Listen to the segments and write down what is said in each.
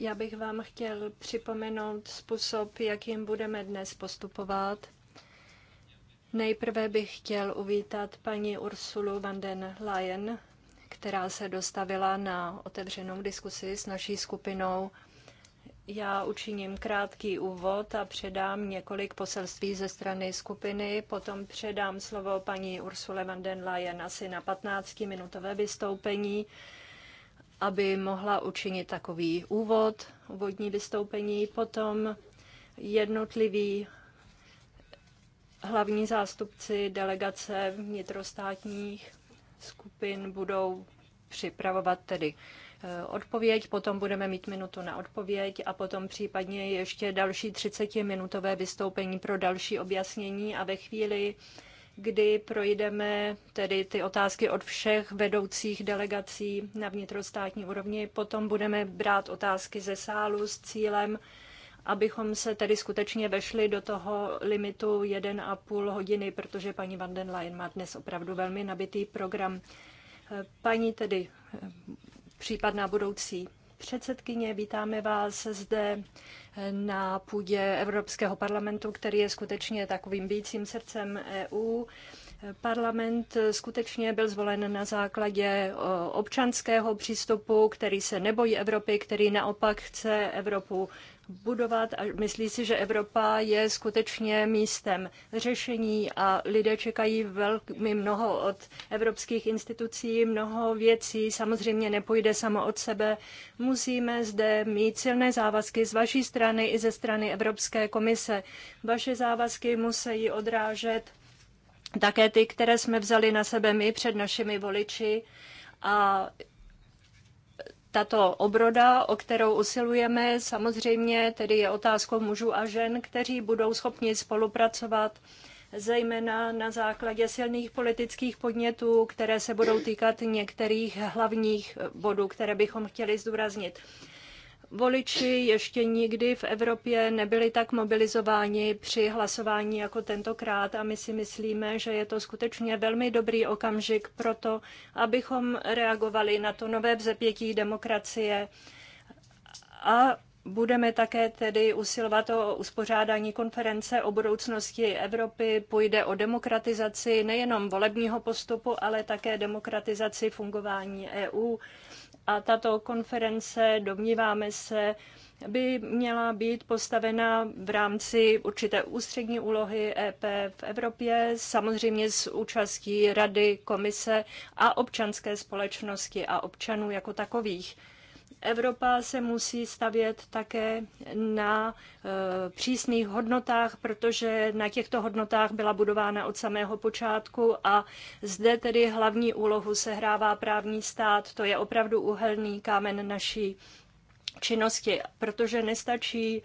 Já bych vám chtěl připomenout způsob, jakým budeme dnes postupovat. Nejprve bych chtěl uvítat paní Ursulu van den Leyen, která se dostavila na otevřenou diskusi s naší skupinou. Já učiním krátký úvod a předám několik poselství ze strany skupiny, potom předám slovo paní Ursule van den Leyen asi na 15-minutové vystoupení aby mohla učinit takový úvod, úvodní vystoupení, potom jednotliví hlavní zástupci delegace vnitrostátních skupin budou připravovat tedy eh, odpověď, potom budeme mít minutu na odpověď a potom případně ještě další 30-minutové vystoupení pro další objasnění a ve chvíli, kdy projdeme tedy ty otázky od všech vedoucích delegací na vnitrostátní úrovni. Potom budeme brát otázky ze sálu s cílem, abychom se tedy skutečně vešli do toho limitu 1,5 hodiny, protože paní Van den Leyen má dnes opravdu velmi nabitý program. Paní tedy případná budoucí předsedkyně, vítáme vás zde na půdě Evropského parlamentu, který je skutečně takovým bícím srdcem EU. Parlament skutečně byl zvolen na základě občanského přístupu, který se nebojí Evropy, který naopak chce Evropu budovat a myslí si, že Evropa je skutečně místem řešení a lidé čekají velmi mnoho od evropských institucí, mnoho věcí, samozřejmě nepůjde samo od sebe. Musíme zde mít silné závazky z vaší strany i ze strany Evropské komise. Vaše závazky musí odrážet také ty, které jsme vzali na sebe my před našimi voliči a tato obroda, o kterou usilujeme, samozřejmě tedy je otázkou mužů a žen, kteří budou schopni spolupracovat zejména na základě silných politických podnětů, které se budou týkat některých hlavních bodů, které bychom chtěli zdůraznit. Voliči ještě nikdy v Evropě nebyli tak mobilizováni při hlasování jako tentokrát a my si myslíme, že je to skutečně velmi dobrý okamžik pro to, abychom reagovali na to nové vzepětí demokracie a Budeme také tedy usilovat o uspořádání konference o budoucnosti Evropy. Půjde o demokratizaci nejenom volebního postupu, ale také demokratizaci fungování EU a tato konference, domníváme se, by měla být postavena v rámci určité ústřední úlohy EP v Evropě, samozřejmě s účastí Rady, Komise a občanské společnosti a občanů jako takových. Evropa se musí stavět také na eh, přísných hodnotách, protože na těchto hodnotách byla budována od samého počátku a zde tedy hlavní úlohu sehrává právní stát. To je opravdu uhelný kámen naší činnosti, protože nestačí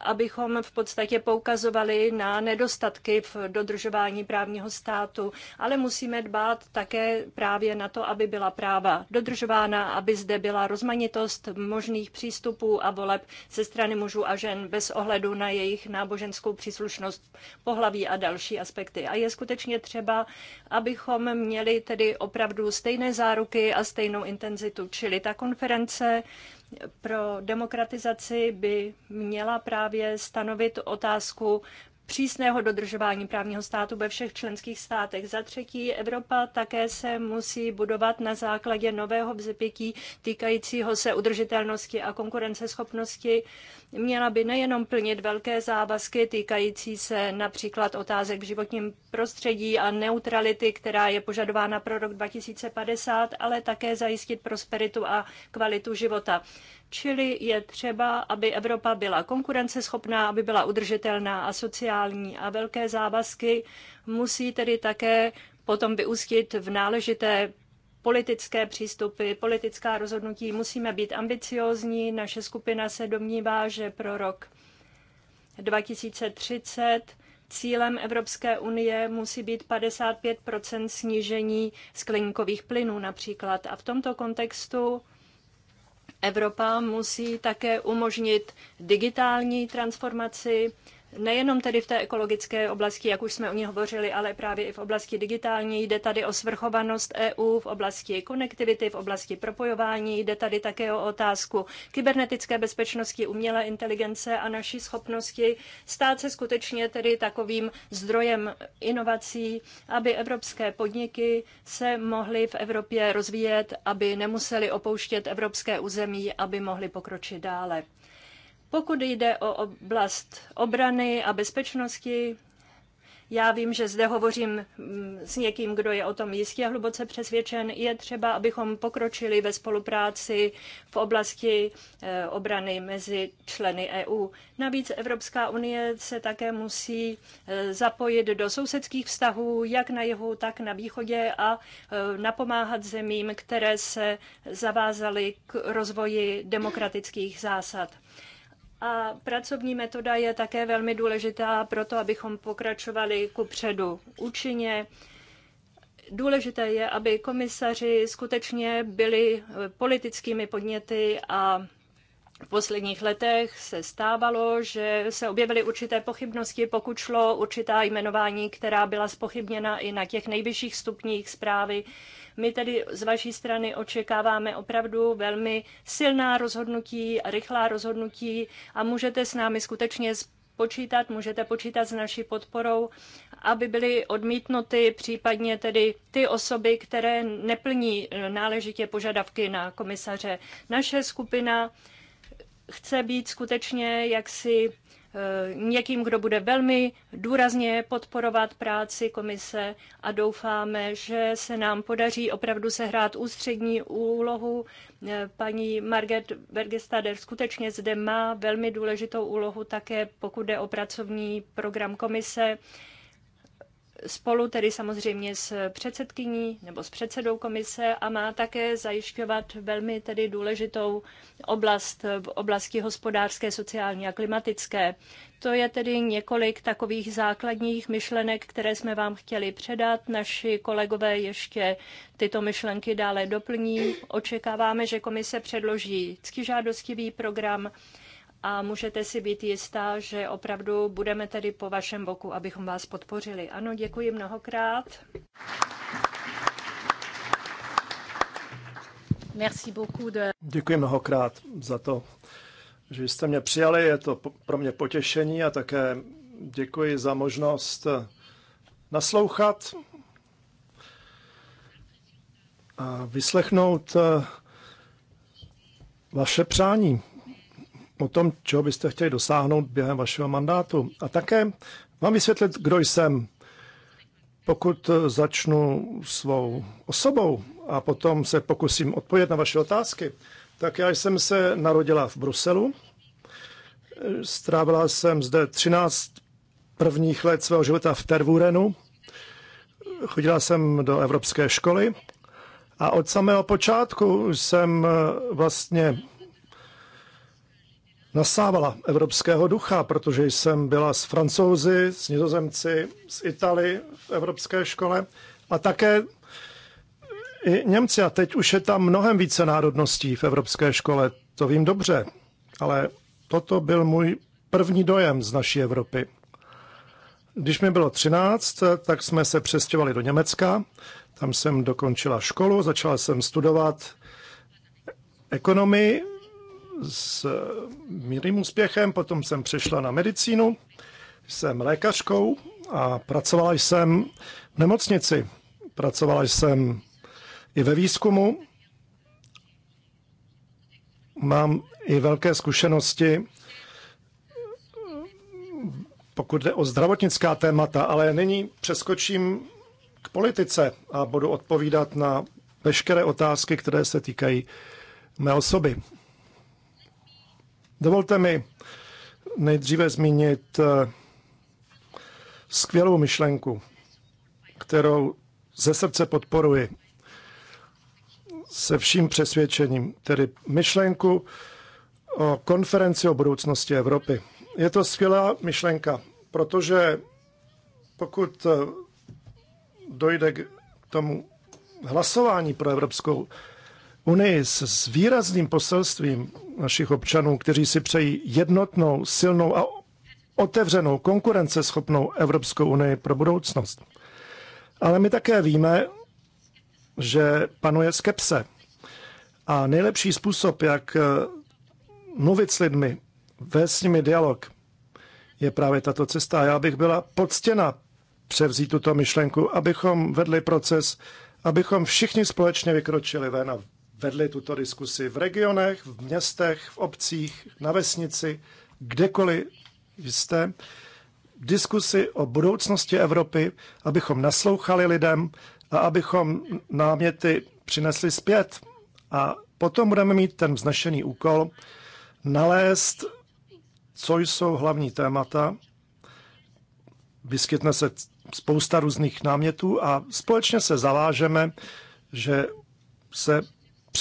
abychom v podstatě poukazovali na nedostatky v dodržování právního státu, ale musíme dbát také právě na to, aby byla práva dodržována, aby zde byla rozmanitost možných přístupů a voleb ze strany mužů a žen bez ohledu na jejich náboženskou příslušnost, pohlaví a další aspekty. A je skutečně třeba, abychom měli tedy opravdu stejné záruky a stejnou intenzitu, čili ta konference pro demokratizaci by měla právě stanovit otázku přísného dodržování právního státu ve všech členských státech. Za třetí, Evropa také se musí budovat na základě nového vzepětí týkajícího se udržitelnosti a konkurenceschopnosti Měla by nejenom plnit velké závazky týkající se například otázek v životním prostředí a neutrality, která je požadována pro rok 2050, ale také zajistit prosperitu a kvalitu života. Čili je třeba, aby Evropa byla konkurenceschopná, aby byla udržitelná a sociální. A velké závazky musí tedy také potom vyústit v náležité politické přístupy, politická rozhodnutí. Musíme být ambiciózní. Naše skupina se domnívá, že pro rok 2030 cílem Evropské unie musí být 55 snížení skleníkových plynů například. A v tomto kontextu Evropa musí také umožnit digitální transformaci nejenom tedy v té ekologické oblasti, jak už jsme o ní hovořili, ale právě i v oblasti digitální. Jde tady o svrchovanost EU v oblasti konektivity, v oblasti propojování. Jde tady také o otázku kybernetické bezpečnosti, umělé inteligence a naší schopnosti stát se skutečně tedy takovým zdrojem inovací, aby evropské podniky se mohly v Evropě rozvíjet, aby nemuseli opouštět evropské území, aby mohli pokročit dále. Pokud jde o oblast obrany a bezpečnosti, já vím, že zde hovořím mm, s někým, kdo je o tom jistě hluboce přesvědčen. Je třeba, abychom pokročili ve spolupráci v oblasti eh, obrany mezi členy EU. Navíc Evropská unie se také musí eh, zapojit do sousedských vztahů, jak na jihu, tak na východě a eh, napomáhat zemím, které se zavázaly k rozvoji demokratických zásad. A pracovní metoda je také velmi důležitá pro to, abychom pokračovali ku předu účinně. Důležité je, aby komisaři skutečně byli eh, politickými podněty a v posledních letech se stávalo, že se objevily určité pochybnosti, pokud šlo určitá jmenování, která byla spochybněna i na těch nejvyšších stupních zprávy. My tedy z vaší strany očekáváme opravdu velmi silná rozhodnutí, rychlá rozhodnutí a můžete s námi skutečně počítat, můžete počítat s naší podporou, aby byly odmítnuty případně tedy ty osoby, které neplní eh, náležitě požadavky na komisaře. Naše skupina chce být skutečně jaksi Eh, někým, kdo bude velmi důrazně podporovat práci komise a doufáme, že se nám podaří opravdu sehrát ústřední úlohu. Eh, paní Margaret Bergestader skutečně zde má velmi důležitou úlohu také, pokud jde o pracovní program komise spolu tedy samozřejmě s předsedkyní nebo s předsedou komise a má také zajišťovat velmi tedy důležitou oblast v oblasti hospodářské, sociální a klimatické. To je tedy několik takových základních myšlenek, které jsme vám chtěli předat. Naši kolegové ještě tyto myšlenky dále doplní. Očekáváme, že komise předloží ctižádostivý program a můžete si být jistá, že opravdu budeme tedy po vašem boku, abychom vás podpořili. Ano, děkuji mnohokrát. Merci beaucoup de... Děkuji mnohokrát za to, že jste mě přijali. Je to pro mě potěšení a také děkuji za možnost eh, naslouchat a vyslechnout eh, vaše přání o tom, čeho byste chtěli dosáhnout během vašeho mandátu. A také vám vysvětlit, kdo jsem, pokud začnu svou osobou a potom se pokusím odpovědět na vaše otázky. Tak já jsem se narodila v Bruselu. Strávila jsem zde 13 prvních let svého života v Tervurenu. Chodila jsem do evropské školy a od samého počátku jsem vlastně nasávala evropského ducha, protože jsem byla s francouzi, s nizozemci, s Itali v evropské škole a také i Němci. A teď už je tam mnohem více národností v evropské škole, to vím dobře, ale toto byl můj první dojem z naší Evropy. Když mi bylo 13, tak jsme se přestěhovali do Německa. Tam jsem dokončila školu, začala jsem studovat ekonomii s mírným úspěchem, potom jsem přešla na medicínu, jsem lékařkou a pracovala jsem v nemocnici. Pracovala jsem i ve výzkumu. Mám i velké zkušenosti, pokud jde o zdravotnická témata, ale nyní přeskočím k politice a budu odpovídat na veškeré otázky, které se týkají mé osoby. Dovolte mi nejdříve zmínit eh, skvělou myšlenku, kterou ze srdce podporuji se vším přesvědčením, tedy myšlenku o konferenci o budoucnosti Evropy. Je to skvělá myšlenka, protože pokud eh, dojde k tomu hlasování pro Evropskou unii s výrazným poselstvím našich občanů, kteří si přejí jednotnou, silnou a otevřenou, konkurenceschopnou Evropskou unii pro budoucnost. Ale my také víme, že panuje skepse. A nejlepší způsob, jak eh, mluvit s lidmi, vést s nimi dialog, je právě tato cesta. Já bych byla poctěna převzít tuto myšlenku, abychom vedli proces, abychom všichni společně vykročili ven a vedli tuto diskusi v regionech, v městech, v obcích, na vesnici, kdekoliv jste. Diskusy o budoucnosti Evropy, abychom naslouchali lidem a abychom náměty přinesli zpět. A potom budeme mít ten vznešený úkol nalézt, co jsou hlavní témata. Vyskytne se spousta různých námětů a společně se zavážeme, že se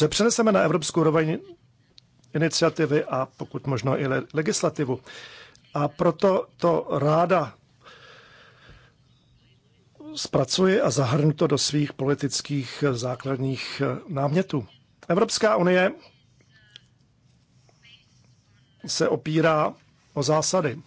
přeneseme na evropskou roveň iniciativy a pokud možno i legislativu. A proto to ráda zpracuji a zahrnu to do svých politických základních námětů. Evropská unie se opírá o zásady.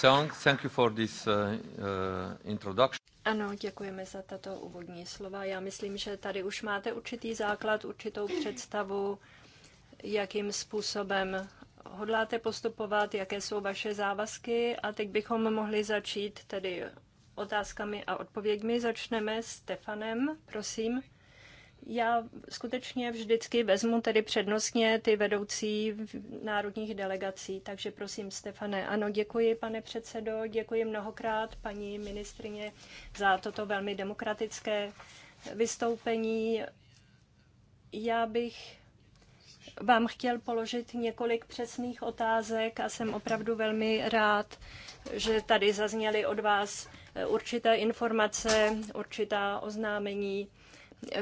Chong. Thank you for this uh, uh, introduction. Ano, děkujeme za tato úvodní slova. Já myslím, že tady už máte určitý základ, určitou představu, jakým způsobem hodláte postupovat, jaké jsou vaše závazky a teď bychom mohli začít tedy otázkami a odpověďmi. Začneme s Stefanem, prosím. Já skutečně vždycky vezmu tedy přednostně ty vedoucí národních delegací, takže prosím, Stefane. Ano, děkuji, pane předsedo, děkuji mnohokrát paní ministrině za toto velmi demokratické vystoupení. Já bych vám chtěl položit několik přesných otázek a jsem opravdu velmi rád, že tady zazněly od vás určité informace, určitá oznámení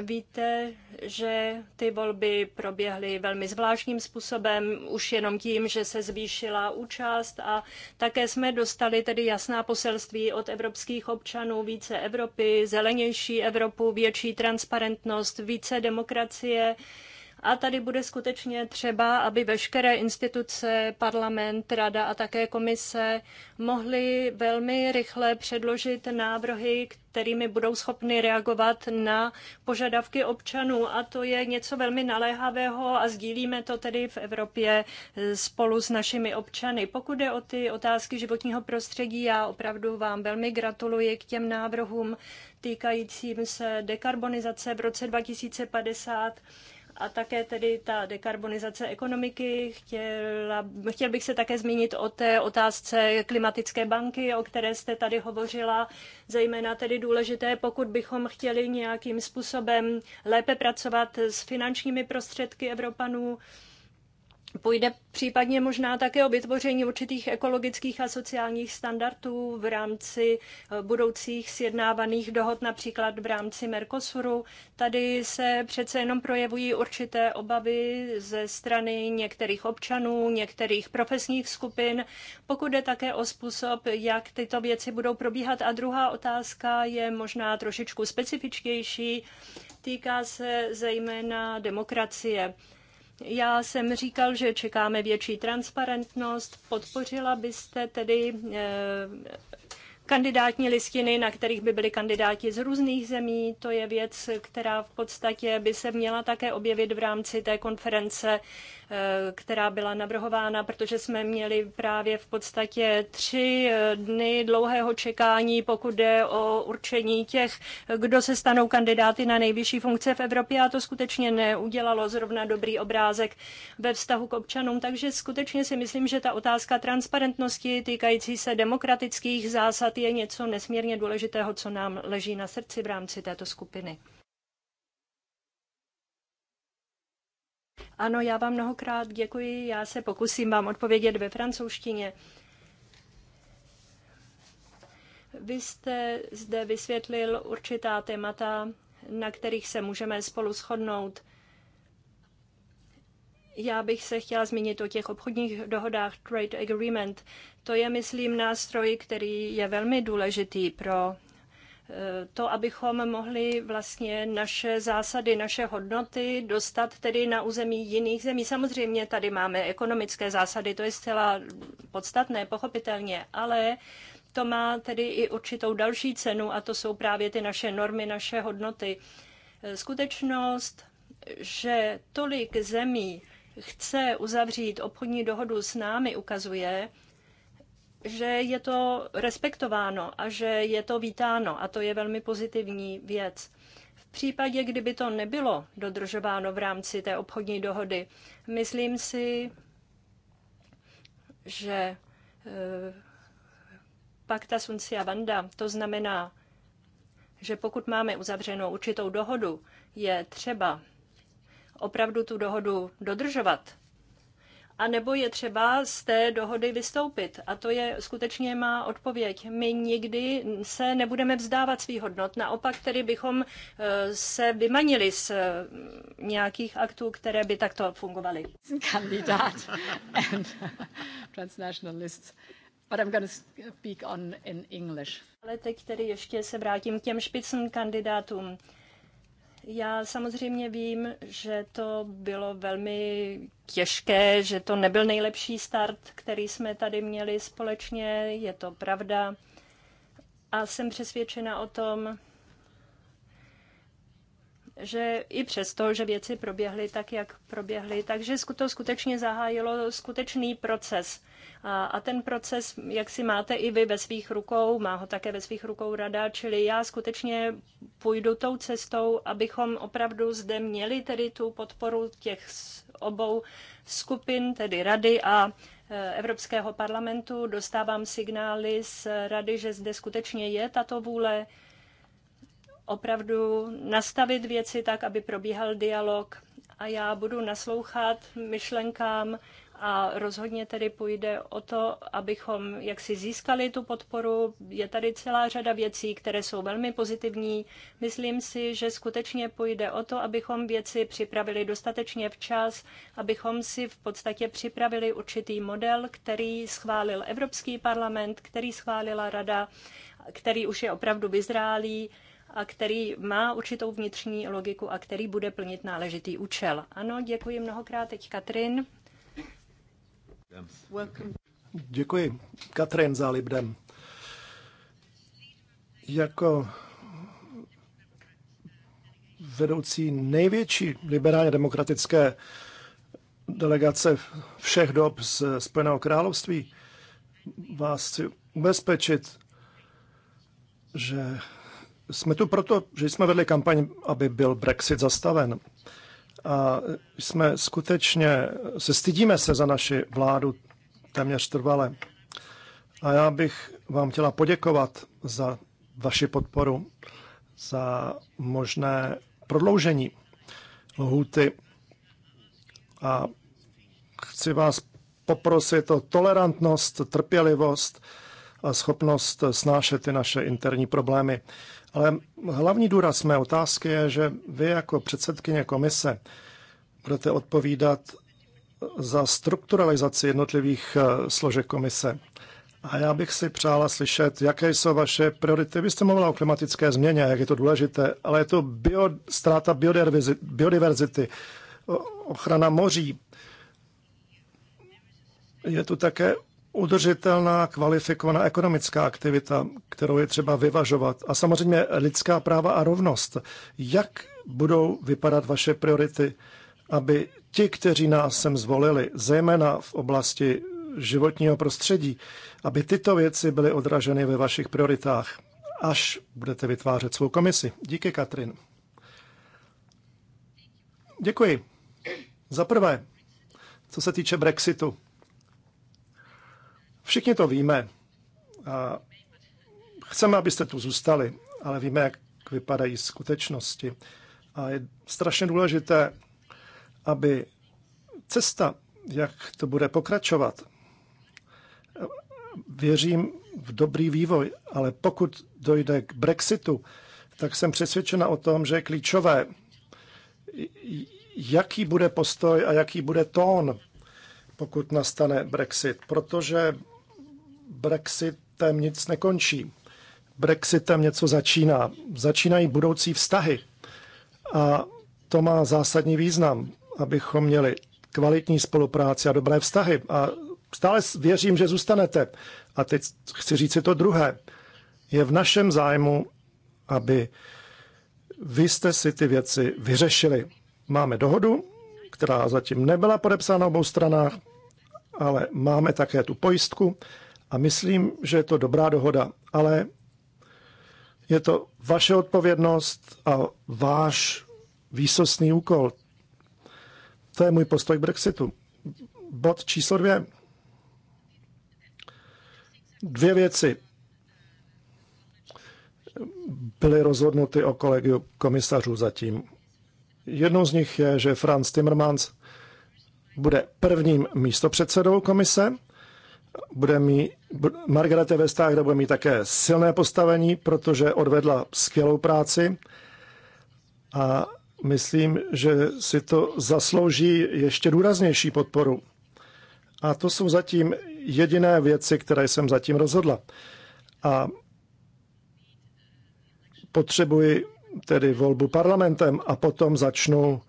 Víte, že ty volby proběhly velmi zvláštním způsobem, už jenom tím, že se zvýšila účast a také jsme dostali tedy jasná poselství od evropských občanů více Evropy, zelenější Evropu, větší transparentnost, více demokracie, a tady bude skutečně třeba, aby veškeré instituce, parlament, rada a také komise mohly velmi rychle předložit návrhy, kterými budou schopny reagovat na požadavky občanů. A to je něco velmi naléhavého a sdílíme to tedy v Evropě spolu s našimi občany. Pokud jde o ty otázky životního prostředí, já opravdu vám velmi gratuluji k těm návrhům týkajícím se dekarbonizace v roce 2050 a také tedy ta dekarbonizace ekonomiky. Chtěla, chtěl bych se také zmínit o té otázce klimatické banky, o které jste tady hovořila, zejména tedy důležité, pokud bychom chtěli nějakým způsobem lépe pracovat s finančními prostředky Evropanů, Půjde případně možná také o vytvoření určitých ekologických a sociálních standardů v rámci eh, budoucích sjednávaných dohod, například v rámci Mercosuru. Tady se přece jenom projevují určité obavy ze strany některých občanů, některých profesních skupin, pokud je také o způsob, jak tyto věci budou probíhat. A druhá otázka je možná trošičku specifičtější, týká se zejména demokracie já jsem říkal, že čekáme větší transparentnost. Podpořila byste tedy eh, kandidátní listiny, na kterých by byli kandidáti z různých zemí. To je věc, která v podstatě by se měla také objevit v rámci té konference, eh, která byla navrhována, protože jsme měli právě v podstatě tři eh, dny dlouhého čekání, pokud jde o určení těch, kdo se stanou kandidáty na nejvyšší funkce v Evropě a to skutečně neudělalo zrovna dobrý obrázek ve vztahu k občanům. Takže skutečně si myslím, že ta otázka transparentnosti týkající se demokratických zásad je něco nesmírně důležitého, co nám leží na srdci v rámci této skupiny. Ano, já vám mnohokrát děkuji. Já se pokusím vám odpovědět ve francouzštině. Vy jste zde vysvětlil určitá témata, na kterých se můžeme spolu shodnout. Já bych se chtěla zmínit o těch obchodních dohodách Trade Agreement. To je, myslím, nástroj, který je velmi důležitý pro eh, to, abychom mohli vlastně naše zásady, naše hodnoty dostat tedy na území jiných zemí. Samozřejmě tady máme ekonomické zásady, to je zcela podstatné, pochopitelně, ale to má tedy i určitou další cenu a to jsou právě ty naše normy, naše hodnoty. Eh, skutečnost, že tolik zemí chce uzavřít obchodní dohodu s námi, ukazuje, že je to respektováno a že je to vítáno a to je velmi pozitivní věc. V případě, kdyby to nebylo dodržováno v rámci té obchodní dohody, myslím si, že eh, pacta suncia vanda, to znamená, že pokud máme uzavřenou určitou dohodu, je třeba opravdu tu dohodu dodržovat a nebo je třeba z té dohody vystoupit. A to je skutečně má odpověď. My nikdy se nebudeme vzdávat svých hodnot, naopak tedy bychom eh, se vymanili z eh, nějakých aktů, které by takto fungovaly. Kandidát and transnationalists. But I'm going to speak on in English. Ale teď tedy ještě se vrátím k těm špicn kandidátům. Já samozřejmě vím, že to bylo velmi těžké, že to nebyl nejlepší start, který jsme tady měli společně, je to pravda. A jsem přesvědčena o tom, že i přesto, že věci proběhly tak, jak proběhly, takže to skutečně zahájilo skutečný proces. A, a ten proces, jak si máte i vy ve svých rukou, má ho také ve svých rukou rada, čili já skutečně půjdu tou cestou, abychom opravdu zde měli tedy tu podporu těch obou skupin, tedy rady a e, Evropského parlamentu. Dostávám signály z rady, že zde skutečně je tato vůle opravdu nastavit věci tak, aby probíhal dialog a já budu naslouchat myšlenkám a rozhodně tedy půjde o to, abychom jaksi získali tu podporu. Je tady celá řada věcí, které jsou velmi pozitivní. Myslím si, že skutečně půjde o to, abychom věci připravili dostatečně včas, abychom si v podstatě připravili určitý model, který schválil Evropský parlament, který schválila Rada, který už je opravdu vyzrálý a který má určitou vnitřní logiku a který bude plnit náležitý účel. Ano, děkuji mnohokrát teď Katrin. Welcome. Děkuji Katrin za Libdem. Jako vedoucí největší liberálně demokratické delegace všech dob z Spojeného království vás chci ubezpečit, že jsme tu proto, že jsme vedli kampaň, aby byl Brexit zastaven. A jsme skutečně, se stydíme se za naši vládu téměř trvale. A já bych vám chtěla poděkovat za vaši podporu, za možné prodloužení lhůty. A chci vás poprosit o tolerantnost, trpělivost a schopnost snášet ty naše interní problémy. Ale hlavní důraz mé otázky je, že vy jako předsedkyně komise budete odpovídat za strukturalizaci jednotlivých eh, složek komise. A já bych si přála slyšet, jaké jsou vaše priority. Vy jste mluvila o klimatické změně, jak je to důležité, ale je to bio, ztráta biodiverzity, ochrana moří. Je tu také udržitelná, kvalifikovaná ekonomická aktivita, kterou je třeba vyvažovat. A samozřejmě lidská práva a rovnost. Jak budou vypadat vaše priority, aby ti, kteří nás sem zvolili, zejména v oblasti životního prostředí, aby tyto věci byly odraženy ve vašich prioritách, až budete vytvářet svou komisi. Díky, Katrin. Děkuji. Za prvé, co se týče Brexitu. Všichni to víme. A chceme, abyste tu zůstali, ale víme, jak vypadají skutečnosti. A je strašně důležité, aby cesta, jak to bude pokračovat, věřím v dobrý vývoj, ale pokud dojde k Brexitu, tak jsem přesvědčena o tom, že je klíčové, jaký bude postoj a jaký bude tón, pokud nastane Brexit, protože Brexitem nic nekončí. Brexitem něco začíná. Začínají budoucí vztahy. A to má zásadní význam, abychom měli kvalitní spolupráci a dobré vztahy. A stále věřím, že zůstanete. A teď chci říct si to druhé. Je v našem zájmu, aby vy jste si ty věci vyřešili. Máme dohodu, která zatím nebyla podepsána obou stranách, ale máme také tu pojistku, a myslím, že je to dobrá dohoda, ale je to vaše odpovědnost a váš výsostný úkol. To je můj postoj k Brexitu. Bod číslo dvě. Dvě věci byly rozhodnuty o kolegiu komisařů zatím. Jednou z nich je, že Franz Timmermans bude prvním místopředsedou komise bude mít, Margarete Vestager bude mít také silné postavení, protože odvedla skvělou práci a myslím, že si to zaslouží ještě důraznější podporu. A to jsou zatím jediné věci, které jsem zatím rozhodla. A potřebuji tedy volbu parlamentem a potom začnu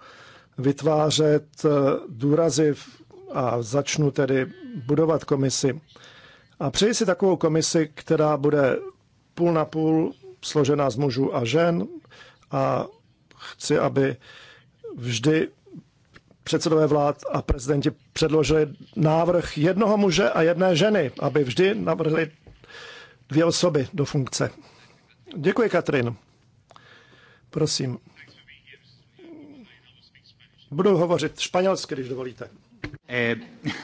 vytvářet eh, důrazy v a začnu tedy budovat komisi. A přeji si takovou komisi, která bude půl na půl složená z mužů a žen a chci, aby vždy předsedové vlád a prezidenti předložili návrh jednoho muže a jedné ženy, aby vždy navrhli dvě osoby do funkce. Děkuji, Katrin. Prosím. Budu hovořit španělsky, když dovolíte. Eh,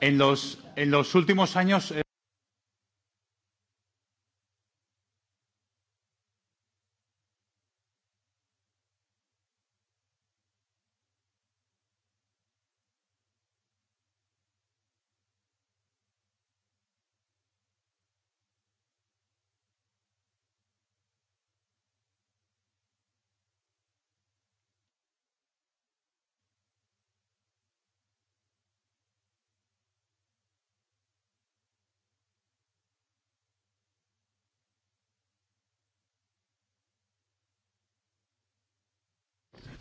en, los, en los últimos años. Eh...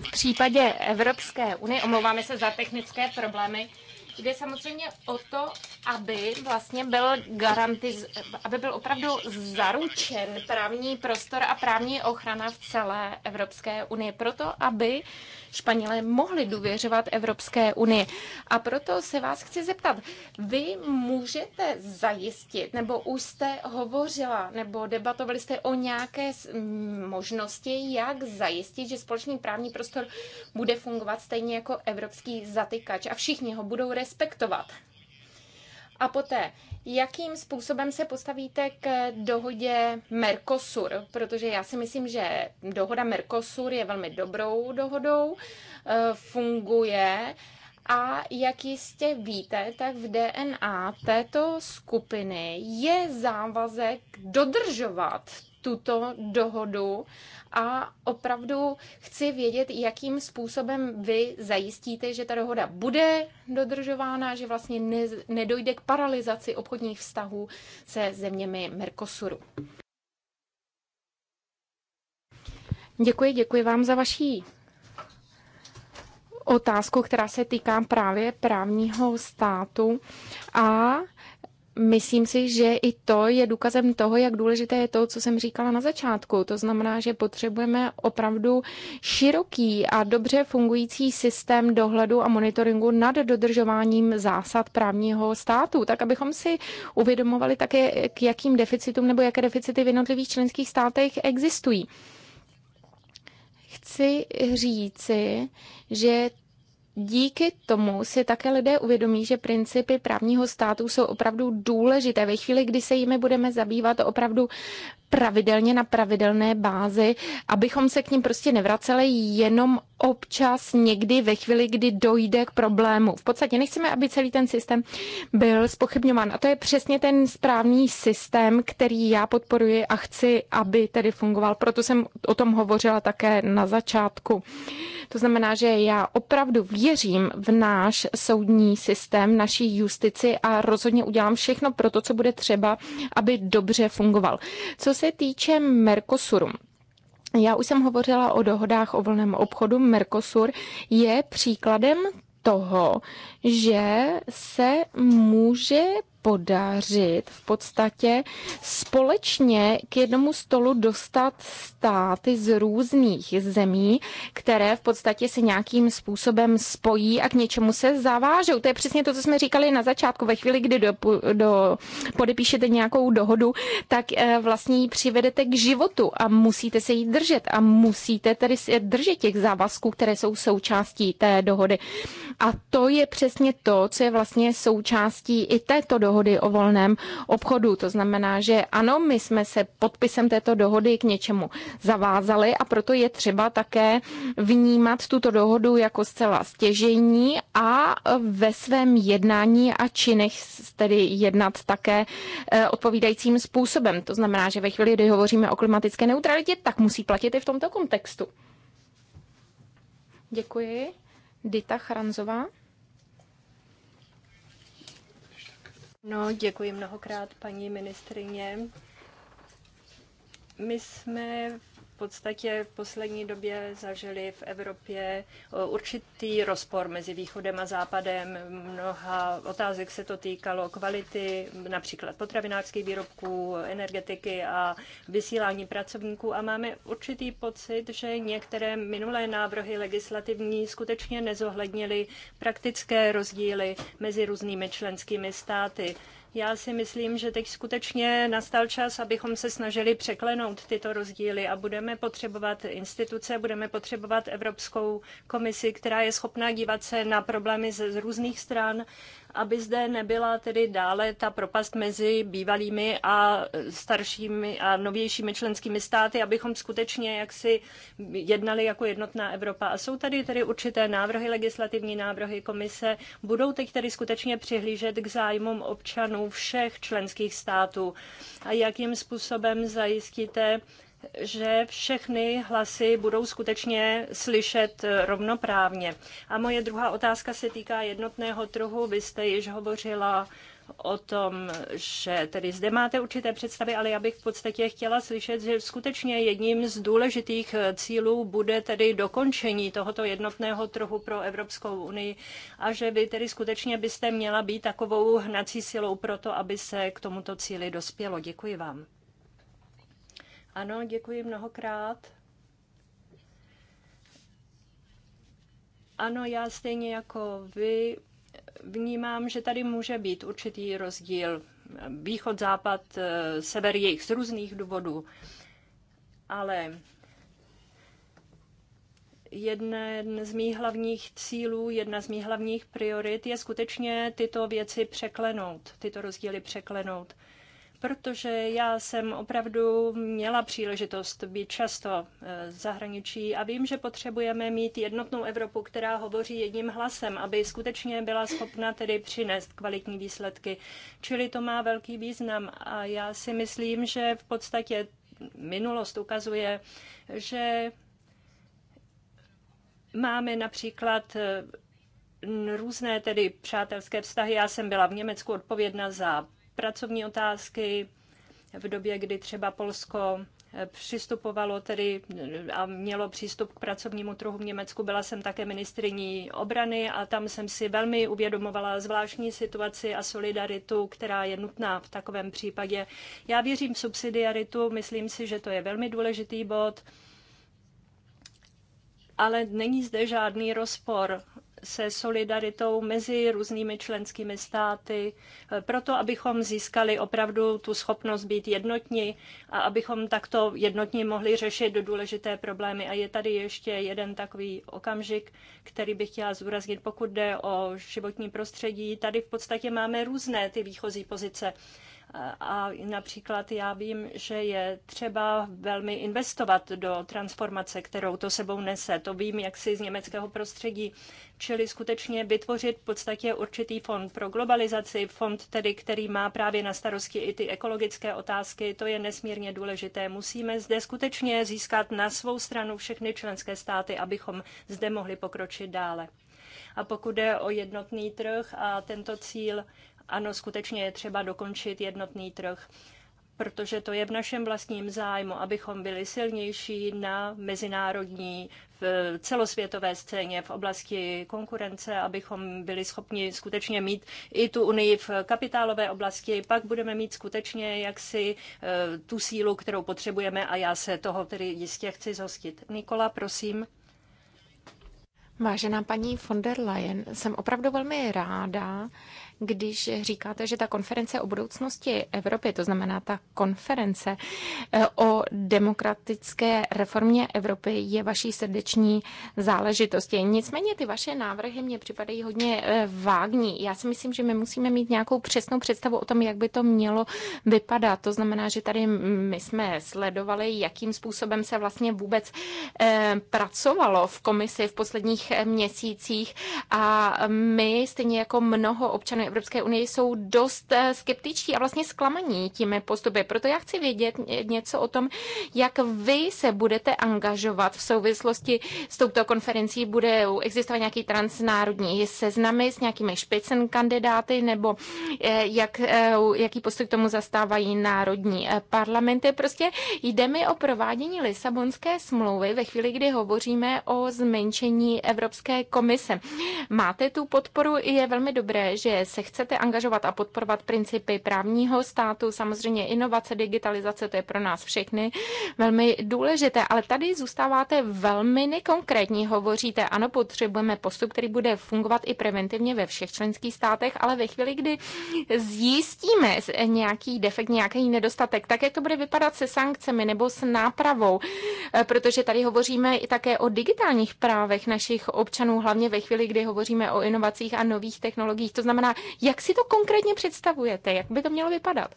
v případě Evropské unie, omlouváme se za technické problémy, Jde samozřejmě o to, aby vlastně byl garanti, aby byl opravdu zaručen právní prostor a právní ochrana v celé Evropské unii. Proto, aby Španělé mohli důvěřovat Evropské unii. A proto se vás chci zeptat, vy můžete zajistit, nebo už jste hovořila, nebo debatovali jste o nějaké možnosti, jak zajistit, že společný právní prostor bude fungovat stejně jako evropský zatykač a všichni ho budou respektovat respektovat. A poté, jakým způsobem se postavíte k dohodě Mercosur, protože já si myslím, že dohoda Mercosur je velmi dobrou dohodou, eh, funguje a jak jistě víte, tak v DNA této skupiny je závazek dodržovat tuto dohodu a opravdu chci vědět, jakým způsobem vy zajistíte, že ta dohoda bude dodržována, že vlastně ne, nedojde k paralizaci obchodních vztahů se zeměmi Mercosuru. Děkuji, děkuji vám za vaší otázku, která se týká právě právního státu a myslím si, že i to je důkazem toho, jak důležité je to, co jsem říkala na začátku. To znamená, že potřebujeme opravdu široký a dobře fungující systém dohledu a monitoringu nad dodržováním zásad právního státu, tak abychom si uvědomovali také, k jakým deficitům nebo jaké deficity v jednotlivých členských státech existují. Chci říci, že Díky tomu si také lidé uvědomí, že principy právního státu jsou opravdu důležité. Ve chvíli, kdy se jimi budeme zabývat opravdu pravidelně na pravidelné bázi, abychom se k ním prostě nevraceli jenom občas někdy ve chvíli, kdy dojde k problému. V podstatě nechceme, aby celý ten systém byl spochybňován. A to je přesně ten správný systém, který já podporuji a chci, aby tedy fungoval. Proto jsem o tom hovořila také na začátku. To znamená, že já opravdu vím věřím v náš soudní systém, naší justici a rozhodně udělám všechno pro to, co bude třeba, aby dobře fungoval. Co se týče Mercosuru, já už jsem hovořila o dohodách o volném obchodu. Mercosur je příkladem toho, že se může podařit v podstatě společně k jednomu stolu dostat státy z různých zemí, které v podstatě se nějakým způsobem spojí a k něčemu se zavážou. To je přesně to, co jsme říkali na začátku. Ve chvíli, kdy do, do, podepíšete nějakou dohodu, tak eh, vlastně ji přivedete k životu a musíte se jí držet a musíte tedy se držet těch závazků, které jsou součástí té dohody. A to je přesně to, co je vlastně součástí i této dohody dohody o volném obchodu. To znamená, že ano, my jsme se podpisem této dohody k něčemu zavázali a proto je třeba také vnímat tuto dohodu jako zcela stěžení a ve svém jednání a činech tedy jednat také eh, odpovídajícím způsobem. To znamená, že ve chvíli, kdy hovoříme o klimatické neutralitě, tak musí platit i v tomto kontextu. Děkuji. Dita Chranzová. No, děkuji mnohokrát, paní ministrině. My jsme podstatě v poslední době zažili v Evropě eh, určitý rozpor mezi východem a západem. Mnoha otázek se to týkalo kvality, například potravinářských výrobků, energetiky a vysílání pracovníků. A máme určitý pocit, že některé minulé návrhy legislativní skutečně nezohlednily praktické rozdíly mezi různými členskými státy já si myslím, že teď skutečně nastal čas, abychom se snažili překlenout tyto rozdíly a budeme potřebovat instituce, budeme potřebovat Evropskou komisi, která je schopná dívat se na problémy z, z různých stran aby zde nebyla tedy dále ta propast mezi bývalými a staršími a novějšími členskými státy, abychom skutečně jaksi jednali jako jednotná Evropa. A jsou tady tedy určité návrhy, legislativní návrhy komise, budou teď tedy skutečně přihlížet k zájmům občanů všech členských států a jakým způsobem zajistíte, že všechny hlasy budou skutečně slyšet rovnoprávně. A moje druhá otázka se týká jednotného trhu. Vy jste již hovořila o tom, že tedy zde máte určité představy, ale já bych v podstatě chtěla slyšet, že skutečně jedním z důležitých cílů bude tedy dokončení tohoto jednotného trhu pro Evropskou unii a že vy tedy skutečně byste měla být takovou hnací silou pro to, aby se k tomuto cíli dospělo. Děkuji vám. Ano, děkuji mnohokrát. Ano, já stejně jako vy vnímám, že tady může být určitý rozdíl východ, západ, eh, sever, jejich z různých důvodů. Ale jeden z mých hlavních cílů, jedna z mých hlavních priorit je skutečně tyto věci překlenout, tyto rozdíly překlenout protože já jsem opravdu měla příležitost být často eh, v zahraničí a vím, že potřebujeme mít jednotnou Evropu, která hovoří jedním hlasem, aby skutečně byla schopna tedy přinést kvalitní výsledky. Čili to má velký význam a já si myslím, že v podstatě minulost ukazuje, že máme například eh, různé tedy přátelské vztahy. Já jsem byla v Německu odpovědna za pracovní otázky v době, kdy třeba Polsko eh, přistupovalo tedy eh, a mělo přístup k pracovnímu trhu v Německu. Byla jsem také ministriní obrany a tam jsem si velmi uvědomovala zvláštní situaci a solidaritu, která je nutná v takovém případě. Já věřím v subsidiaritu, myslím si, že to je velmi důležitý bod, ale není zde žádný rozpor se solidaritou mezi různými členskými státy, eh, proto abychom získali opravdu tu schopnost být jednotní a abychom takto jednotně mohli řešit důležité problémy. A je tady ještě jeden takový okamžik, který bych chtěla zúraznit, pokud jde o životní prostředí. Tady v podstatě máme různé ty výchozí pozice. A například já vím, že je třeba velmi investovat do transformace, kterou to sebou nese. To vím si z německého prostředí. Čili skutečně vytvořit v podstatě určitý fond pro globalizaci, fond tedy, který má právě na starosti i ty ekologické otázky, to je nesmírně důležité. Musíme zde skutečně získat na svou stranu všechny členské státy, abychom zde mohli pokročit dále. A pokud jde o jednotný trh a tento cíl ano, skutečně je třeba dokončit jednotný trh, protože to je v našem vlastním zájmu, abychom byli silnější na mezinárodní, v celosvětové scéně, v oblasti konkurence, abychom byli schopni skutečně mít i tu unii v kapitálové oblasti, pak budeme mít skutečně jaksi eh, tu sílu, kterou potřebujeme a já se toho tedy jistě chci zhostit. Nikola, prosím. Vážená paní von der Leyen, jsem opravdu velmi ráda, když říkáte, že ta konference o budoucnosti Evropy, to znamená ta konference eh, o demokratické reformě Evropy, je vaší srdeční záležitosti. Nicméně ty vaše návrhy mě připadají hodně eh, vágní. Já si myslím, že my musíme mít nějakou přesnou představu o tom, jak by to mělo vypadat. To znamená, že tady my jsme sledovali, jakým způsobem se vlastně vůbec eh, pracovalo v komisi v posledních měsících a my, stejně jako mnoho občanů Evropské unie jsou dost eh, skeptičtí a vlastně zklamaní těmi postupy. Proto já chci vědět něco o tom, jak vy se budete angažovat v souvislosti s touto konferencí. Bude existovat nějaký transnárodní seznamy s nějakými špicen kandidáty nebo eh, jak, eh, jaký postup k tomu zastávají národní parlamenty. Prostě jde mi o provádění Lisabonské smlouvy ve chvíli, kdy hovoříme o zmenšení Evropské komise. Máte tu podporu, je velmi dobré, že se chcete angažovat a podporovat principy právního státu, samozřejmě inovace, digitalizace, to je pro nás všechny velmi důležité, ale tady zůstáváte velmi nekonkrétní. Hovoříte, ano, potřebujeme postup, který bude fungovat i preventivně ve všech členských státech, ale ve chvíli, kdy zjistíme nějaký defekt, nějaký nedostatek, tak jak to bude vypadat se sankcemi nebo s nápravou, eh, protože tady hovoříme i také o digitálních právech našich občanů, hlavně ve chvíli, kdy hovoříme o inovacích a nových technologiích. To znamená, jak si to konkrétně představujete? Jak by to mělo vypadat?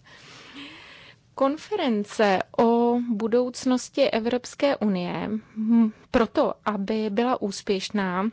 konference o budoucnosti Evropské unie hm, proto, aby byla úspěšná,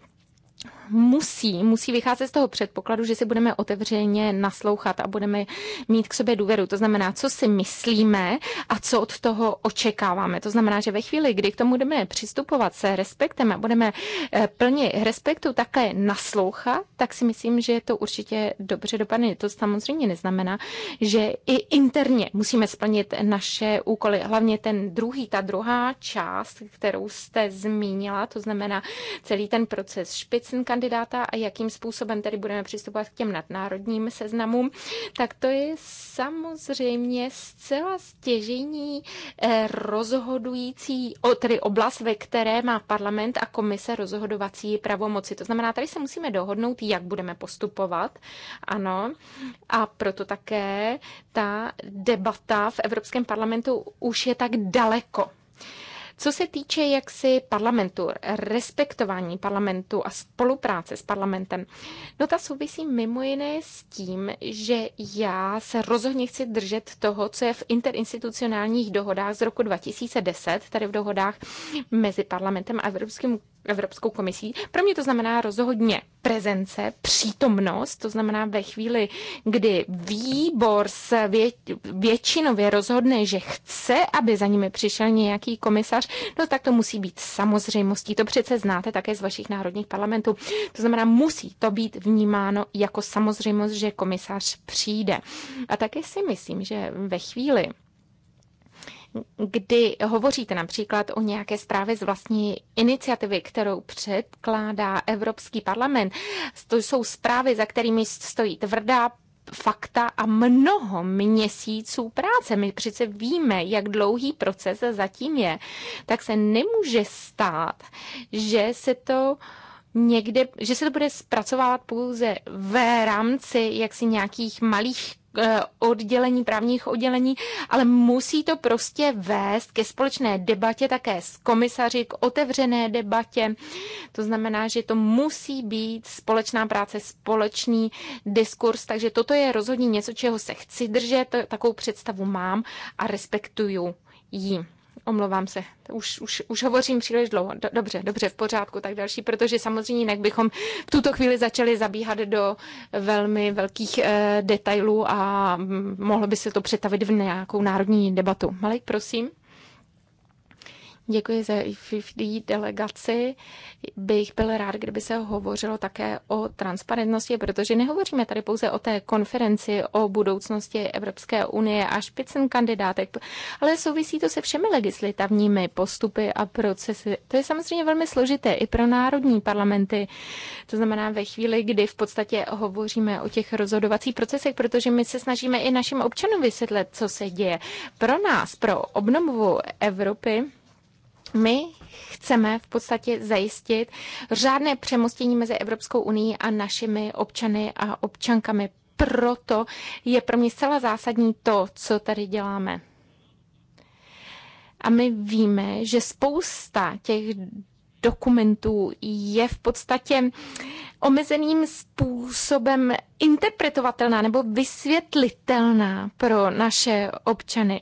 musí, musí vycházet z toho předpokladu, že si budeme otevřeně naslouchat a budeme mít k sobě důvěru. To znamená, co si myslíme a co od toho očekáváme. To znamená, že ve chvíli, kdy k tomu budeme přistupovat se respektem a budeme eh, plně respektu také naslouchat, tak si myslím, že to určitě dobře dopadne. To samozřejmě neznamená, že i interně musíme splnit naše úkoly. Hlavně ten druhý, ta druhá část, kterou jste zmínila, to znamená celý ten proces špicenka kandidáta a jakým způsobem tedy budeme přistupovat k těm nadnárodním seznamům, tak to je samozřejmě zcela stěžení eh, rozhodující, tedy oblast, ve které má parlament a komise rozhodovací pravomoci. To znamená, tady se musíme dohodnout, jak budeme postupovat. Ano. A proto také ta debata v Evropském parlamentu už je tak daleko co se týče jaksi parlamentu, respektování parlamentu a spolupráce s parlamentem, no ta souvisí mimo jiné s tím, že já se rozhodně chci držet toho, co je v interinstitucionálních dohodách z roku 2010, tady v dohodách mezi parlamentem a Evropským Evropskou komisí. Pro mě to znamená rozhodně prezence, přítomnost, to znamená ve chvíli, kdy výbor se vě, většinově rozhodne, že chce, aby za nimi přišel nějaký komisař, no tak to musí být samozřejmostí. To přece znáte také z vašich národních parlamentů. To znamená, musí to být vnímáno jako samozřejmost, že komisař přijde. A také si myslím, že ve chvíli, kdy hovoříte například o nějaké zprávě z vlastní iniciativy, kterou předkládá Evropský parlament, to jsou zprávy, za kterými stojí tvrdá fakta a mnoho měsíců práce. My přece víme, jak dlouhý proces zatím je, tak se nemůže stát, že se to někde, že se to bude zpracovávat pouze v rámci jaksi nějakých malých Eh, oddělení, právních oddělení, ale musí to prostě vést ke společné debatě také s komisaři, k otevřené debatě. To znamená, že to musí být společná práce, společný diskurs, takže toto je rozhodně něco, čeho se chci držet, takovou představu mám a respektuju ji. Omlouvám se, už, už, už hovořím příliš dlouho. Do, dobře, dobře, v pořádku, tak další, protože samozřejmě jinak bychom v tuto chvíli začali zabíhat do velmi velkých e, detailů a mm, mohlo by se to přetavit v nějakou národní debatu. Malek, prosím. Děkuji za IFD delegaci. Bych byl rád, kdyby se hovořilo také o transparentnosti, protože nehovoříme tady pouze o té konferenci o budoucnosti Evropské unie a špicen kandidátek, ale souvisí to se všemi legislativními postupy a procesy. To je samozřejmě velmi složité i pro národní parlamenty. To znamená ve chvíli, kdy v podstatě hovoříme o těch rozhodovacích procesech, protože my se snažíme i našim občanům vysvětlit, co se děje. Pro nás, pro obnovu Evropy, my chceme v podstatě zajistit řádné přemostění mezi Evropskou unii a našimi občany a občankami. Proto je pro mě zcela zásadní to, co tady děláme. A my víme, že spousta těch dokumentů je v podstatě omezeným způsobem interpretovatelná nebo vysvětlitelná pro naše občany.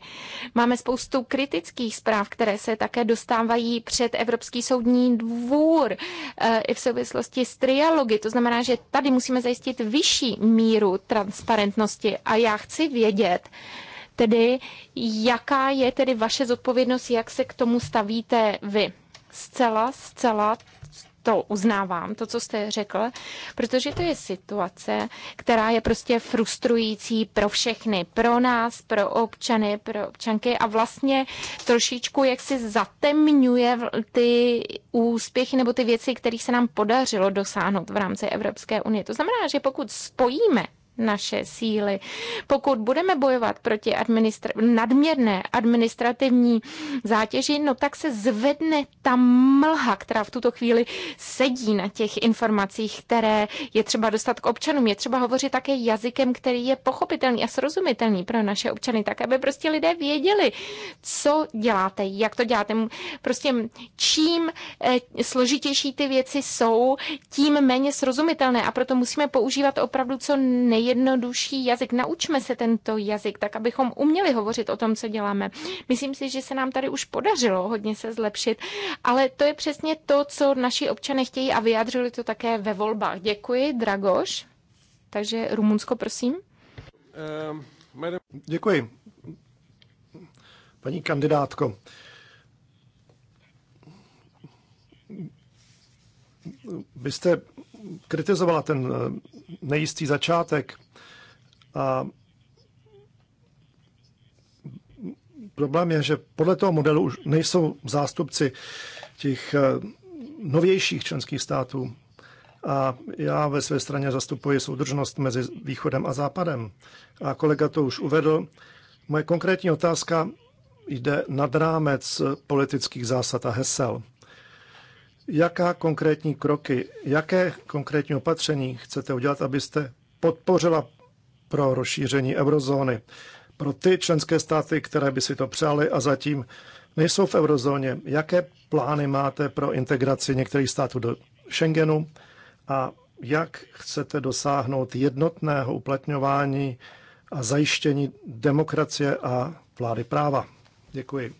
Máme spoustu kritických zpráv, které se také dostávají před Evropský soudní dvůr eh, i v souvislosti s trialogy. To znamená, že tady musíme zajistit vyšší míru transparentnosti a já chci vědět, tedy jaká je tedy vaše zodpovědnost, jak se k tomu stavíte vy zcela, zcela to uznávám, to, co jste řekl, protože to je situace, která je prostě frustrující pro všechny, pro nás, pro občany, pro občanky a vlastně trošičku jak si zatemňuje ty úspěchy nebo ty věci, kterých se nám podařilo dosáhnout v rámci Evropské unie. To znamená, že pokud spojíme naše síly. Pokud budeme bojovat proti administra- nadměrné administrativní zátěži, no tak se zvedne ta mlha, která v tuto chvíli sedí na těch informacích, které je třeba dostat k občanům. Je třeba hovořit také jazykem, který je pochopitelný a srozumitelný pro naše občany, tak aby prostě lidé věděli, co děláte, jak to děláte. Prostě čím eh, složitější ty věci jsou, tím méně srozumitelné a proto musíme používat opravdu co nej nejjednodušší jazyk. Naučme se tento jazyk, tak abychom uměli hovořit o tom, co děláme. Myslím si, že se nám tady už podařilo hodně se zlepšit, ale to je přesně to, co naši občané chtějí a vyjádřili to také ve volbách. Děkuji, Dragoš. Takže Rumunsko, prosím. Eh, Děkuji. Paní kandidátko, vy jste kritizovala ten eh, nejistý začátek a problém je, že podle toho modelu už nejsou zástupci těch eh, novějších členských států. A já ve své straně zastupuji soudržnost mezi východem a západem. A kolega to už uvedl. Moje konkrétní otázka jde nad rámec politických zásad a hesel. Jaká konkrétní kroky, jaké konkrétní opatření chcete udělat, abyste podpořila pro rozšíření eurozóny? Pro ty členské státy, které by si to přáli a zatím nejsou v eurozóně, jaké plány máte pro integraci některých států do Schengenu a jak chcete dosáhnout jednotného uplatňování a zajištění demokracie a vlády práva? Děkuji.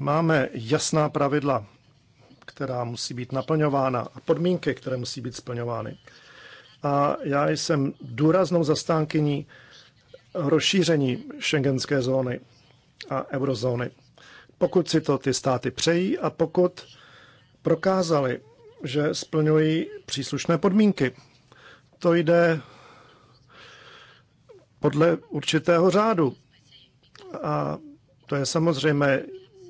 Máme jasná pravidla, která musí být naplňována a podmínky, které musí být splňovány. A já jsem důraznou zastánkyní rozšíření šengenské zóny a eurozóny. Pokud si to ty státy přejí a pokud prokázali, že splňují příslušné podmínky. To jde podle určitého řádu. A to je samozřejmé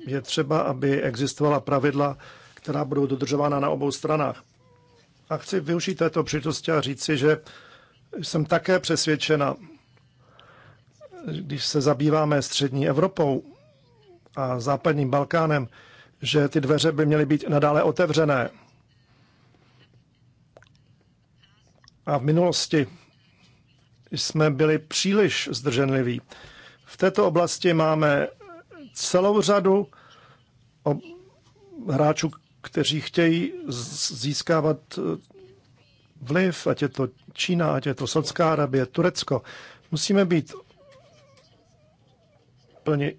je třeba, aby existovala pravidla, která budou dodržována na obou stranách. A chci využít této příležitosti a říci, že jsem také přesvědčena, když se zabýváme střední Evropou a západním Balkánem, že ty dveře by měly být nadále otevřené. A v minulosti jsme byli příliš zdrženliví. V této oblasti máme celou řadu hráčů, kteří chtějí získávat eh, vliv, ať je to Čína, ať je to Saudská Arabie, Turecko. Musíme být plni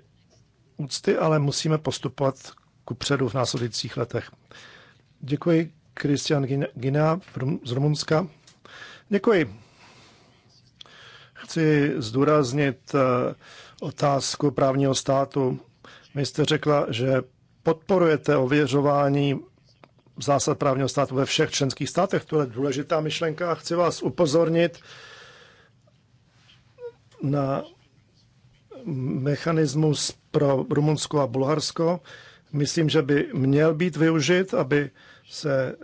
úcty, ale musíme postupovat ku předu v následujících letech. Děkuji, Kristian Gina z Rumunska. Děkuji. Chci zdůraznit eh, otázku právního státu. Vy jste řekla, že podporujete ověřování zásad právního státu ve všech členských státech. To je důležitá myšlenka a chci vás upozornit na mechanismus pro Rumunsko a Bulharsko. Myslím, že by měl být využit, aby se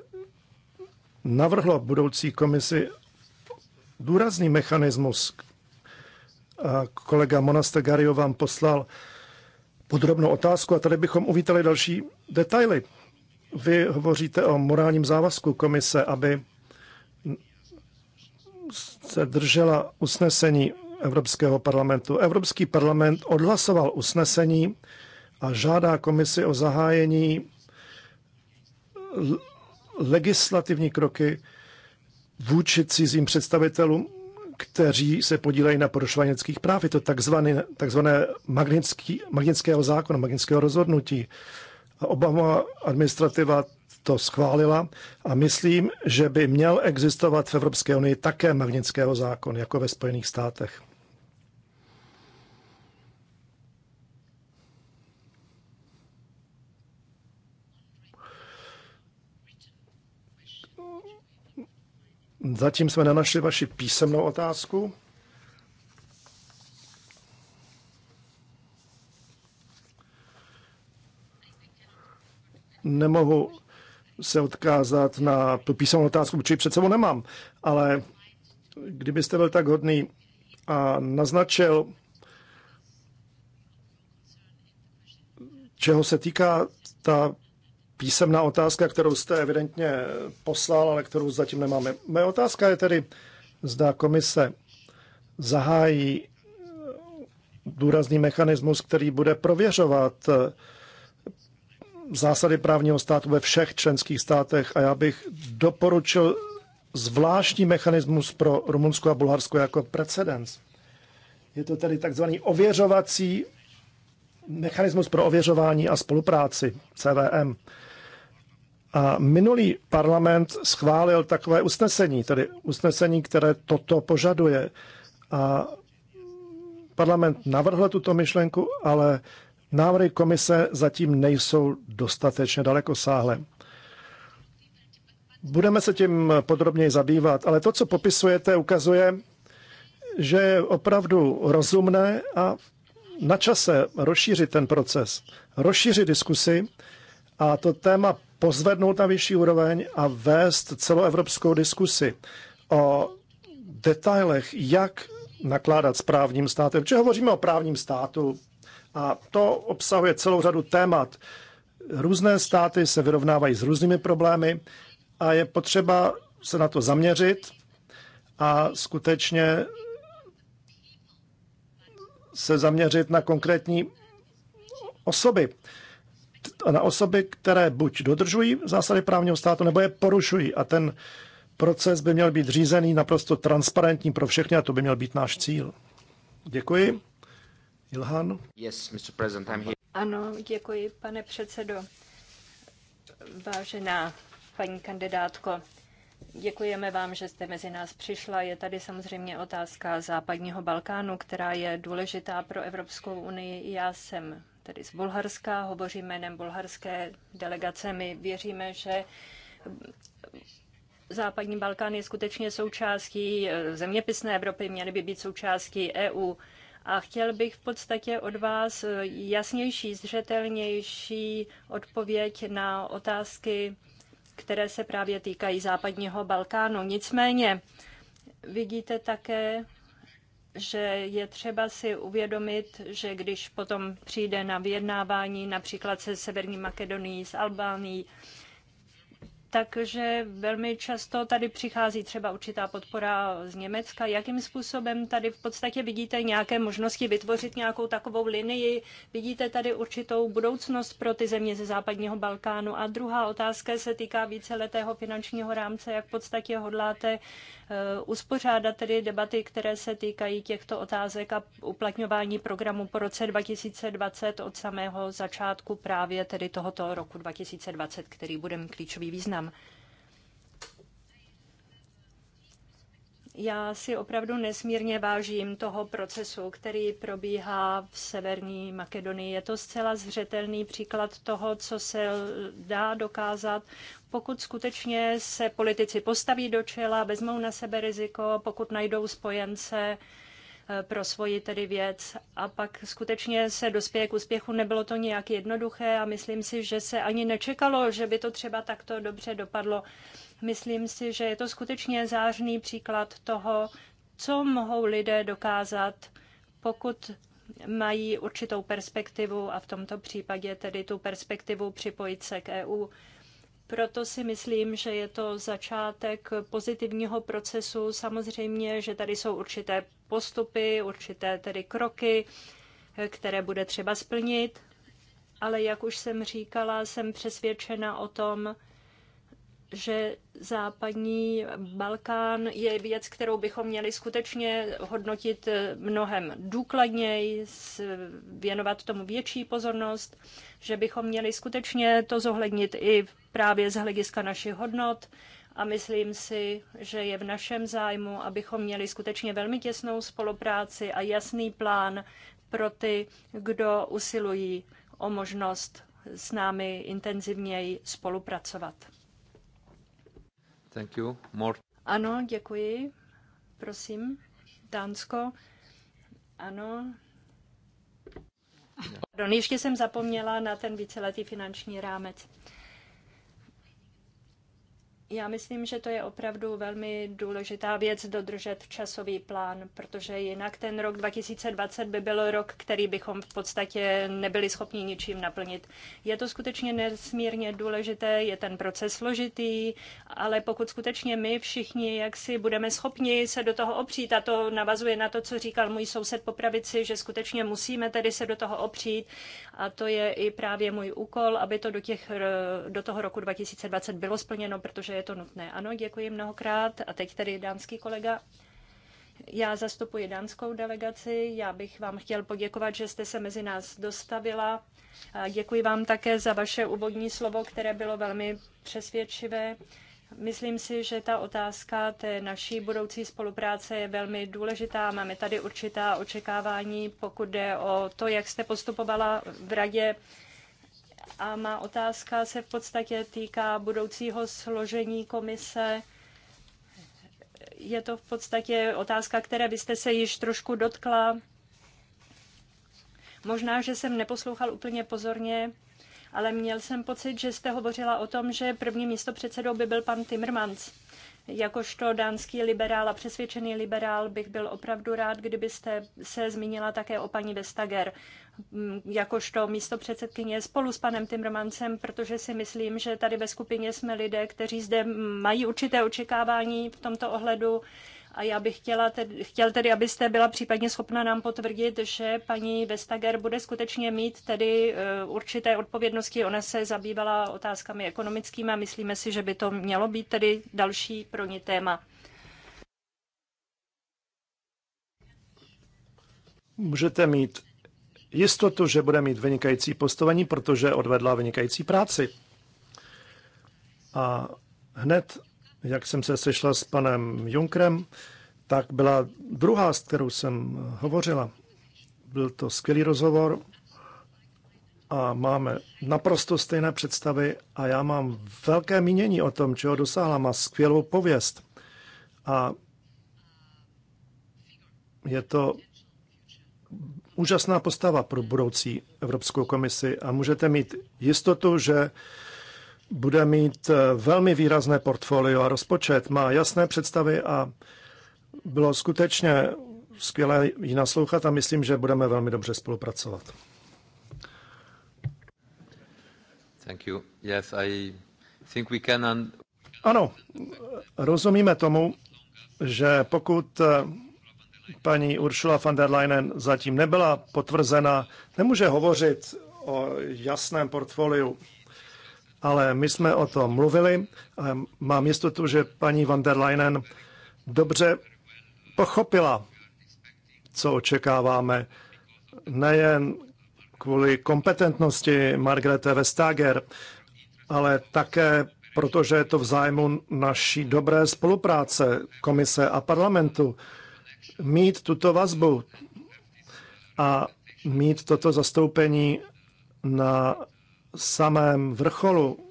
navrhlo budoucí komisi důrazný mechanismus. A kolega Monastegario vám poslal podrobnou otázku a tady bychom uvítali další detaily. Vy hovoříte o morálním závazku komise, aby se držela usnesení Evropského parlamentu. Evropský parlament odhlasoval usnesení a žádá komisi o zahájení legislativní kroky vůči cizím představitelům kteří se podílejí na porušování lidských práv. Je to takzvané, takzvané magnický, magnického zákona, magnického rozhodnutí. A Obama administrativa to schválila a myslím, že by měl existovat v Evropské unii také magnického zákon, jako ve Spojených státech. Zatím jsme nenašli vaši písemnou otázku. Nemohu se odkázat na tu písemnou otázku, protože před sebou nemám, ale kdybyste byl tak hodný a naznačil, čeho se týká ta písemná otázka, kterou jste evidentně poslal, ale kterou zatím nemáme. Moje otázka je tedy, zda komise zahájí eh, důrazný mechanismus, který bude prověřovat eh, zásady právního státu ve všech členských státech a já bych doporučil zvláštní mechanismus pro Rumunsko a Bulharsko jako precedens. Je to tedy takzvaný ověřovací mechanismus pro ověřování a spolupráci, CVM. A minulý parlament schválil takové usnesení, tedy usnesení, které toto požaduje. A parlament navrhl tuto myšlenku, ale návrhy komise zatím nejsou dostatečně dalekosáhlé. Budeme se tím podrobněji zabývat, ale to, co popisujete, ukazuje, že je opravdu rozumné a na čase rozšířit ten proces, rozšířit diskusy a to téma pozvednout na vyšší úroveň a vést celoevropskou diskusi o detailech, jak nakládat s právním státem. Protože hovoříme o právním státu a to obsahuje celou řadu témat. Různé státy se vyrovnávají s různými problémy a je potřeba se na to zaměřit a skutečně se zaměřit na konkrétní osoby na osoby, které buď dodržují zásady právního státu, nebo je porušují. A ten proces by měl být řízený naprosto transparentní pro všechny a to by měl být náš cíl. Děkuji. Ilhan? Yes, Mr. President, I'm here. Ano, děkuji, pane předsedo. Vážená paní kandidátko, Děkujeme vám, že jste mezi nás přišla. Je tady samozřejmě otázka západního Balkánu, která je důležitá pro Evropskou unii. Já jsem tedy z Bulharska, hovoří jménem bulharské delegace. My věříme, že Západní Balkán je skutečně součástí eh, zeměpisné Evropy, měly by být součástí EU. A chtěl bych v podstatě od vás eh, jasnější, zřetelnější odpověď na otázky, které se právě týkají západního Balkánu. Nicméně vidíte také že je třeba si uvědomit, že když potom přijde na vyjednávání například se Severní Makedonií, s Albánií, takže velmi často tady přichází třeba určitá podpora z Německa. Jakým způsobem tady v podstatě vidíte nějaké možnosti vytvořit nějakou takovou linii? Vidíte tady určitou budoucnost pro ty země ze západního Balkánu? A druhá otázka se týká víceletého finančního rámce. Jak v podstatě hodláte Eh, uspořádat tedy debaty, které se týkají těchto otázek a uplatňování programu po roce 2020 od samého začátku právě tedy tohoto roku 2020, který bude mít klíčový význam. Já si opravdu nesmírně vážím toho procesu, který probíhá v Severní Makedonii. Je to zcela zřetelný příklad toho, co se dá dokázat, pokud skutečně se politici postaví do čela, vezmou na sebe riziko, pokud najdou spojence eh, pro svoji tedy věc. A pak skutečně se dospěje k úspěchu. Nebylo to nějak jednoduché a myslím si, že se ani nečekalo, že by to třeba takto dobře dopadlo. Myslím si, že je to skutečně zářný příklad toho, co mohou lidé dokázat, pokud mají určitou perspektivu a v tomto případě tedy tu perspektivu připojit se k EU. Proto si myslím, že je to začátek pozitivního procesu. Samozřejmě, že tady jsou určité postupy, určité tedy kroky, které bude třeba splnit. Ale jak už jsem říkala, jsem přesvědčena o tom, že západní Balkán je věc, kterou bychom měli skutečně hodnotit eh, mnohem důkladněji, věnovat tomu větší pozornost, že bychom měli skutečně to zohlednit i právě z hlediska našich hodnot. A myslím si, že je v našem zájmu, abychom měli skutečně velmi těsnou spolupráci a jasný plán pro ty, kdo usilují o možnost s námi intenzivněji spolupracovat. Thank you. More. Ano, děkuji. Prosím, Dánsko. Ano. Pardon, ještě jsem zapomněla na ten víceletý finanční rámec. Já myslím, že to je opravdu velmi důležitá věc dodržet časový plán, protože jinak ten rok 2020 by byl rok, který bychom v podstatě nebyli schopni ničím naplnit. Je to skutečně nesmírně důležité, je ten proces složitý, ale pokud skutečně my všichni jak si budeme schopni se do toho opřít, a to navazuje na to, co říkal můj soused po pravici, že skutečně musíme tedy se do toho opřít a to je i právě můj úkol, aby to do, těch, do toho roku 2020 bylo splněno, protože je to nutné. Ano, děkuji mnohokrát. A teď tady dánský kolega. Já zastupuji dánskou delegaci. Já bych vám chtěl poděkovat, že jste se mezi nás dostavila. A děkuji vám také za vaše úvodní slovo, které bylo velmi přesvědčivé. Myslím si, že ta otázka té naší budoucí spolupráce je velmi důležitá. Máme tady určitá očekávání, pokud jde o to, jak jste postupovala v radě a má otázka se v podstatě týká budoucího složení komise. Je to v podstatě otázka, které byste se již trošku dotkla. Možná, že jsem neposlouchal úplně pozorně, ale měl jsem pocit, že jste hovořila o tom, že první místo předsedou by byl pan Timmermans. Jakožto dánský liberál a přesvědčený liberál bych byl opravdu rád, kdybyste se zmínila také o paní Vestager. Mm, jakožto místo předsedkyně spolu s panem Timmermansem, protože si myslím, že tady ve skupině jsme lidé, kteří zde mají určité očekávání v tomto ohledu. A já bych chtěla tedy, chtěl tedy, abyste byla případně schopna nám potvrdit, že paní Vestager bude skutečně mít tedy eh, určité odpovědnosti. Ona se zabývala otázkami ekonomickými a myslíme si, že by to mělo být tedy další pro ní téma. Můžete mít jistotu, že bude mít vynikající postavení, protože odvedla vynikající práci. A hned, jak jsem se sešla s panem Junkrem, tak byla druhá, s kterou jsem hovořila. Byl to skvělý rozhovor a máme naprosto stejné představy a já mám velké mínění o tom, čeho dosáhla. Má skvělou pověst a je to úžasná postava pro budoucí Evropskou komisi a můžete mít jistotu, že bude mít eh, velmi výrazné portfolio a rozpočet, má jasné představy a bylo skutečně skvělé ji naslouchat a myslím, že budeme velmi dobře spolupracovat. Thank you. Yes, I think we can... Ano, rozumíme tomu, že pokud eh, paní Ursula von der Leyen zatím nebyla potvrzena, nemůže hovořit o jasném portfoliu. Ale my jsme o tom mluvili. Mám jistotu, že paní von der Leyen dobře pochopila, co očekáváme. Nejen kvůli kompetentnosti Margrethe Vestager, ale také protože je to v zájmu naší dobré spolupráce komise a parlamentu mít tuto vazbu a mít toto zastoupení na samém vrcholu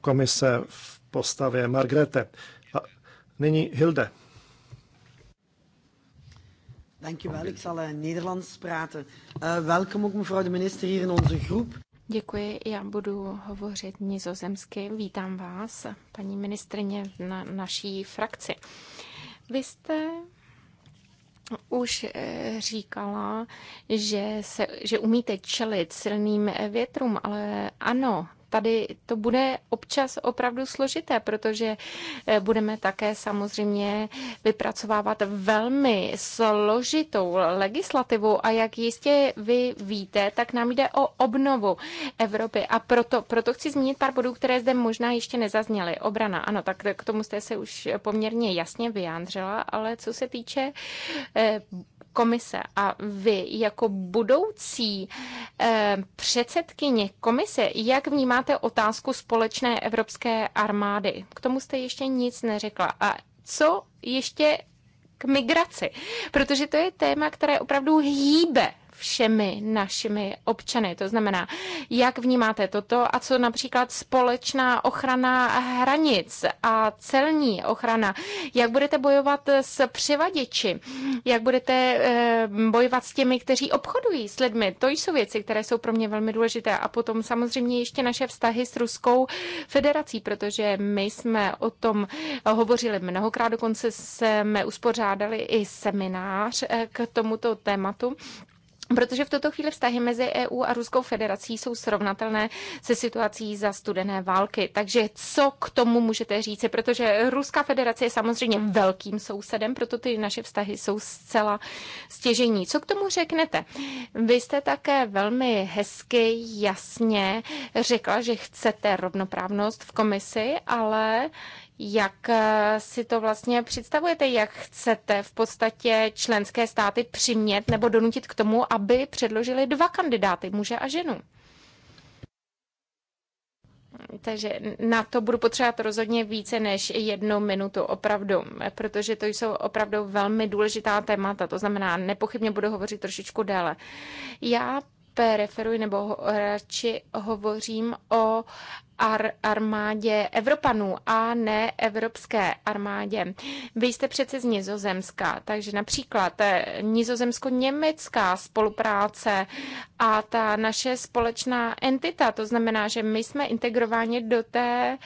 komise v postavě Margrete. A nyní Hilde. Dankjewel, ik zal eh, Nederlands praten. Eh, welkom ook mevrouw de minister hier in onze groep. Děkuji, já budu hovořit nizozemsky. Vítám vás, paní ministrině, na naší frakci. Uh, vy jste už eh, říkala, že, se, že umíte čelit silným eh, větrům, ale ano, tady to bude občas opravdu složité, protože eh, budeme také samozřejmě vypracovávat velmi složitou legislativu a jak jistě vy víte, tak nám jde o obnovu Evropy a proto, proto chci zmínit pár bodů, které zde možná ještě nezazněly. Obrana, ano, tak k tomu jste se už poměrně jasně vyjádřila, ale co se týče eh, komise a vy jako budoucí eh, předsedkyně komise, jak vnímáte otázku společné evropské armády? K tomu jste ještě nic neřekla. A co ještě k migraci? Protože to je téma, které opravdu hýbe všemi našimi občany. To znamená, jak vnímáte toto a co například společná ochrana hranic a celní ochrana. Jak budete bojovat s přivaděči? Jak budete eh, bojovat s těmi, kteří obchodují s lidmi? To jsou věci, které jsou pro mě velmi důležité. A potom samozřejmě ještě naše vztahy s Ruskou federací, protože my jsme o tom hovořili mnohokrát, dokonce jsme uspořádali i seminář eh, k tomuto tématu. Protože v tuto chvíli vztahy mezi EU a Ruskou federací jsou srovnatelné se situací za studené války. Takže co k tomu můžete říci? Protože Ruská federace je samozřejmě velkým sousedem, proto ty naše vztahy jsou zcela stěžení. Co k tomu řeknete? Vy jste také velmi hezky, jasně řekla, že chcete rovnoprávnost v komisi, ale jak eh, si to vlastně představujete? Jak chcete v podstatě členské státy přimět nebo donutit k tomu, aby předložili dva kandidáty, muže a ženu? Takže na to budu potřebovat rozhodně více než jednu minutu, opravdu, protože to jsou opravdu velmi důležitá témata, to znamená, nepochybně budu hovořit trošičku déle. Já preferuji nebo radši hovořím o ar- armádě Evropanů a ne evropské armádě. Vy jste přece z Nizozemska, takže například eh, nizozemsko-německá spolupráce a ta naše společná entita, to znamená, že my jsme integrováni do té uh,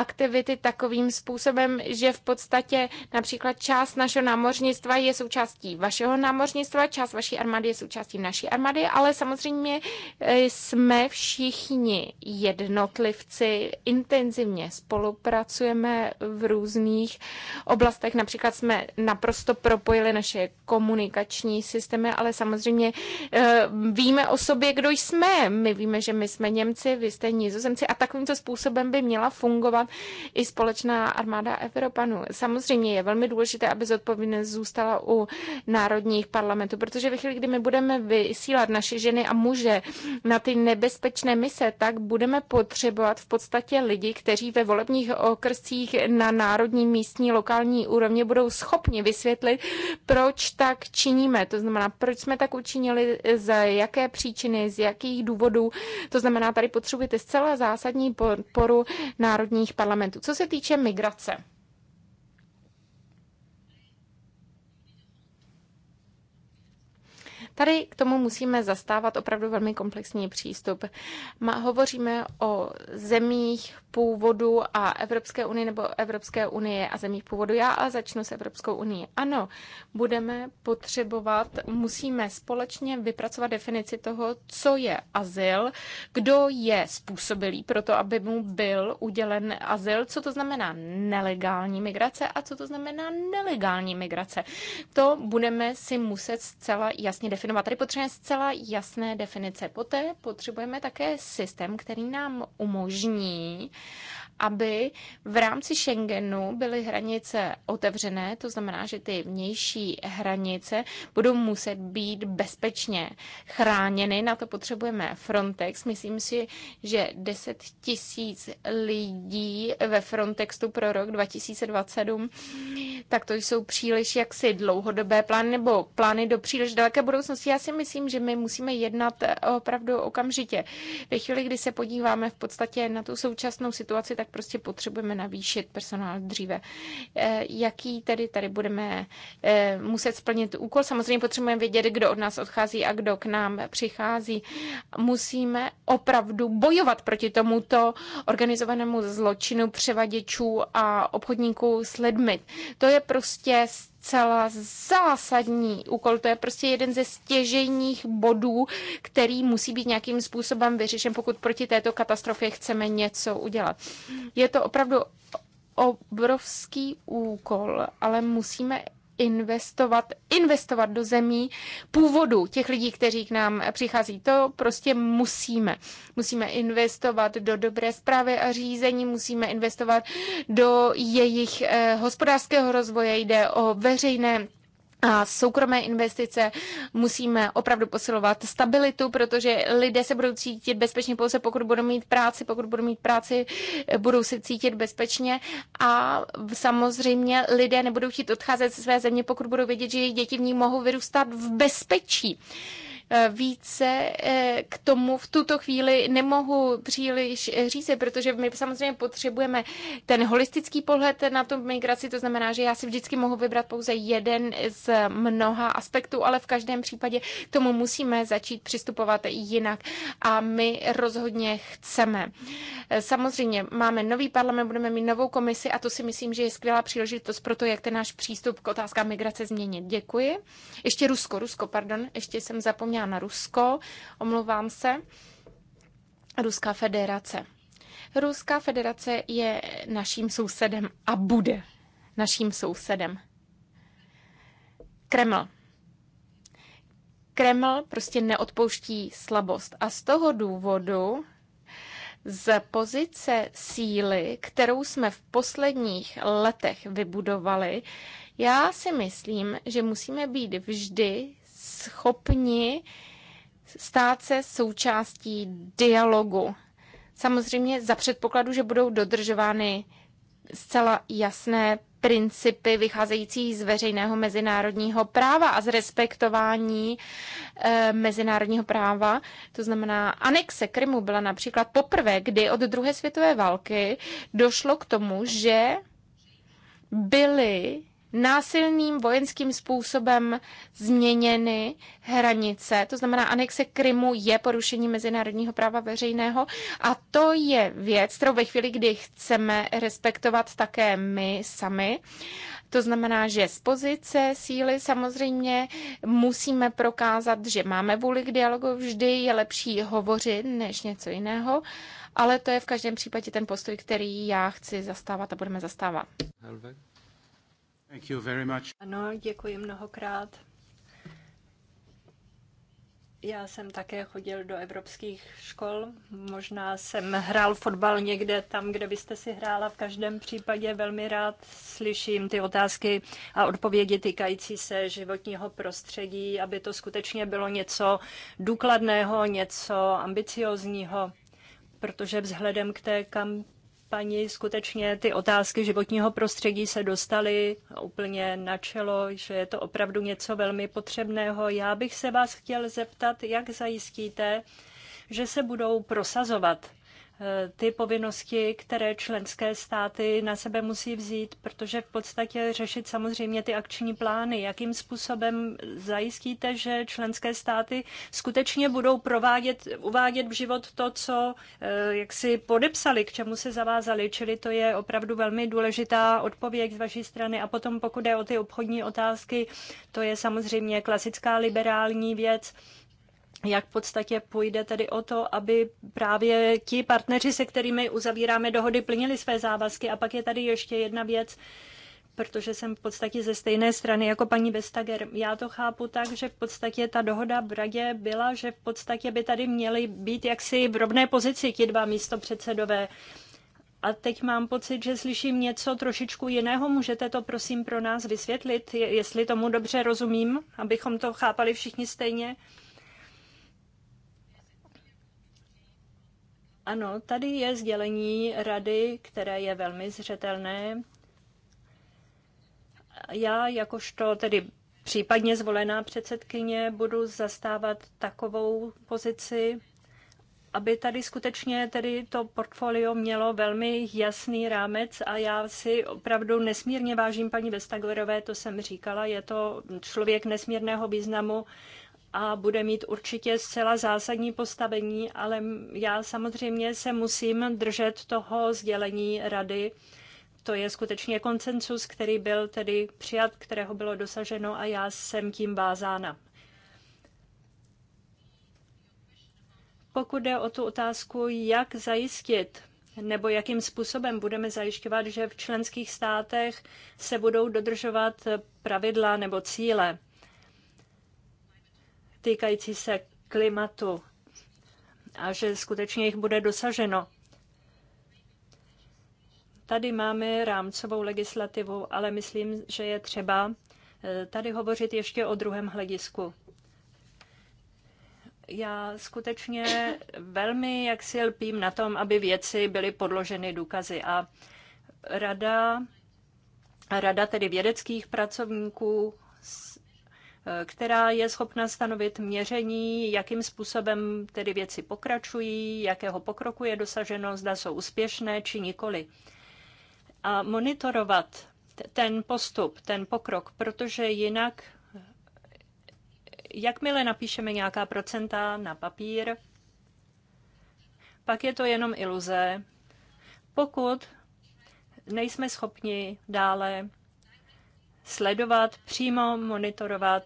aktivity takovým způsobem, že v podstatě například část našeho námořnictva je součástí vašeho námořnictva, část vaší armády je součástí naší armády, ale samozřejmě eh, jsme všichni jednotlivci, intenzivně spolupracujeme v různých oblastech, například jsme naprosto propojili naše komunikační systémy, ale samozřejmě eh, víme o sobě, kdo jsme. My víme, že my jsme Němci, vy jste Nizozemci a takovýmto způsobem by měla fungovat i společná armáda Evropanů. Samozřejmě je velmi důležité, aby zodpovědnost zůstala u národních parlamentů, protože ve chvíli, kdy my budeme vysílat naše ženy a muže na ty nebezpečné mise, tak budeme potřebovat v podstatě lidi, kteří ve volebních okrscích na národní, místní, lokální úrovni budou schopni vysvětlit, proč tak činíme. To znamená, proč jsme tak učinili, za jaké příčiny, z jakých důvodů. To znamená, tady potřebujete zcela zásadní podporu národních národních parlamentů. Co se týče migrace, Tady k tomu musíme zastávat opravdu velmi komplexní přístup. Ma, hovoříme o zemích původu a Evropské unie nebo Evropské unie a zemích původu. Já a začnu s Evropskou unii. Ano, budeme potřebovat, musíme společně vypracovat definici toho, co je azyl, kdo je způsobilý pro to, aby mu byl udělen azyl, co to znamená nelegální migrace a co to znamená nelegální migrace. To budeme si muset zcela jasně definovat jenom a tady potřebujeme zcela jasné definice. Poté potřebujeme také systém, který nám umožní, aby v rámci Schengenu byly hranice otevřené, to znamená, že ty vnější hranice budou muset být bezpečně chráněny. Na to potřebujeme Frontex. Myslím si, že 10 tisíc lidí ve Frontexu pro rok 2027 tak to jsou příliš jaksi dlouhodobé plány nebo plány do příliš daleké budoucnosti. Já si myslím, že my musíme jednat eh, opravdu okamžitě. Ve chvíli, kdy se podíváme v podstatě na tu současnou situaci, tak prostě potřebujeme navýšit personál dříve. Eh, jaký tedy tady budeme eh, muset splnit úkol? Samozřejmě potřebujeme vědět, kdo od nás odchází a kdo k nám přichází. Musíme opravdu bojovat proti tomuto organizovanému zločinu převaděčů a obchodníků s lidmi. To je je prostě zcela zásadní úkol. To je prostě jeden ze stěžejních bodů, který musí být nějakým způsobem vyřešen, pokud proti této katastrofě chceme něco udělat. Je to opravdu obrovský úkol, ale musíme investovat, investovat do zemí původu těch lidí, kteří k nám přichází. To prostě musíme. Musíme investovat do dobré zprávy a řízení, musíme investovat do jejich eh, hospodářského rozvoje, jde o veřejné a soukromé investice musíme opravdu posilovat stabilitu, protože lidé se budou cítit bezpečně pouze pokud budou mít práci, pokud budou mít práci, budou se cítit bezpečně a samozřejmě lidé nebudou chtít odcházet ze své země, pokud budou vědět, že jejich děti v ní mohou vyrůstat v bezpečí. Eh, více eh, k tomu v tuto chvíli nemohu příliš eh, říct, protože my samozřejmě potřebujeme ten holistický pohled na tu migraci, to znamená, že já si vždycky mohu vybrat pouze jeden z mnoha aspektů, ale v každém případě k tomu musíme začít přistupovat jinak a my rozhodně chceme. Samozřejmě máme nový parlament, budeme mít novou komisi a to si myslím, že je skvělá příležitost pro to, jak ten náš přístup k otázkám migrace změnit. Děkuji. Ještě Rusko, Rusko, pardon, ještě jsem zapomněla a na Rusko, omlouvám se, Ruská federace. Ruská federace je naším sousedem a bude naším sousedem. Kreml. Kreml prostě neodpouští slabost a z toho důvodu z pozice síly, kterou jsme v posledních letech vybudovali, já si myslím, že musíme být vždy schopni stát se součástí dialogu. Samozřejmě za předpokladu, že budou dodržovány zcela jasné principy vycházející z veřejného mezinárodního práva a z respektování e, mezinárodního práva. To znamená, anexe Krymu byla například poprvé, kdy od druhé světové války došlo k tomu, že byly násilným vojenským způsobem změněny hranice. To znamená, anexe Krymu je porušení mezinárodního práva veřejného a to je věc, kterou ve chvíli, kdy chceme respektovat také my sami, to znamená, že z pozice síly samozřejmě musíme prokázat, že máme vůli k dialogu, vždy je lepší hovořit než něco jiného, ale to je v každém případě ten postoj, který já chci zastávat a budeme zastávat. Helvek. Thank you very much. Ano, děkuji mnohokrát. Já jsem také chodil do evropských škol. Možná jsem hrál fotbal někde tam, kde byste si hrála. V každém případě velmi rád slyším ty otázky a odpovědi týkající se životního prostředí, aby to skutečně bylo něco důkladného, něco ambiciozního, protože vzhledem k té kampani, paní, skutečně ty otázky životního prostředí se dostaly úplně na čelo, že je to opravdu něco velmi potřebného. Já bych se vás chtěl zeptat, jak zajistíte, že se budou prosazovat Eh, ty povinnosti, které členské státy na sebe musí vzít, protože v podstatě řešit samozřejmě ty akční plány, jakým způsobem zajistíte, že členské státy skutečně budou provádět, uvádět v život to, co eh, jak si podepsali, k čemu se zavázali, čili to je opravdu velmi důležitá odpověď z vaší strany. A potom pokud je o ty obchodní otázky, to je samozřejmě klasická liberální věc, jak v podstatě půjde tedy o to, aby právě ti partneři, se kterými uzavíráme dohody, plnili své závazky. A pak je tady ještě jedna věc, protože jsem v podstatě ze stejné strany jako paní Vestager. Já to chápu tak, že v podstatě ta dohoda v radě byla, že v podstatě by tady měly být jaksi v rovné pozici ti dva místopředsedové. A teď mám pocit, že slyším něco trošičku jiného. Můžete to prosím pro nás vysvětlit, jestli tomu dobře rozumím, abychom to chápali všichni stejně? Ano, tady je sdělení rady, které je velmi zřetelné. Já jakožto tedy případně zvolená předsedkyně budu zastávat takovou pozici, aby tady skutečně tedy to portfolio mělo velmi jasný rámec a já si opravdu nesmírně vážím paní Vestaglerové, to jsem říkala, je to člověk nesmírného významu, a bude mít určitě zcela zásadní postavení, ale já samozřejmě se musím držet toho sdělení rady. To je skutečně koncensus, který byl tedy přijat, kterého bylo dosaženo a já jsem tím vázána. Pokud jde o tu otázku, jak zajistit nebo jakým způsobem budeme zajišťovat, že v členských státech se budou dodržovat pravidla nebo cíle týkající se klimatu a že skutečně jich bude dosaženo. Tady máme rámcovou legislativu, ale myslím, že je třeba eh, tady hovořit ještě o druhém hledisku. Já skutečně velmi jak si lpím na tom, aby věci byly podloženy důkazy. A rada, rada tedy vědeckých pracovníků která je schopna stanovit měření, jakým způsobem tedy věci pokračují, jakého pokroku je dosaženo, zda jsou úspěšné či nikoli. A monitorovat ten postup, ten pokrok, protože jinak, jakmile napíšeme nějaká procenta na papír, pak je to jenom iluze, pokud nejsme schopni dále sledovat, přímo monitorovat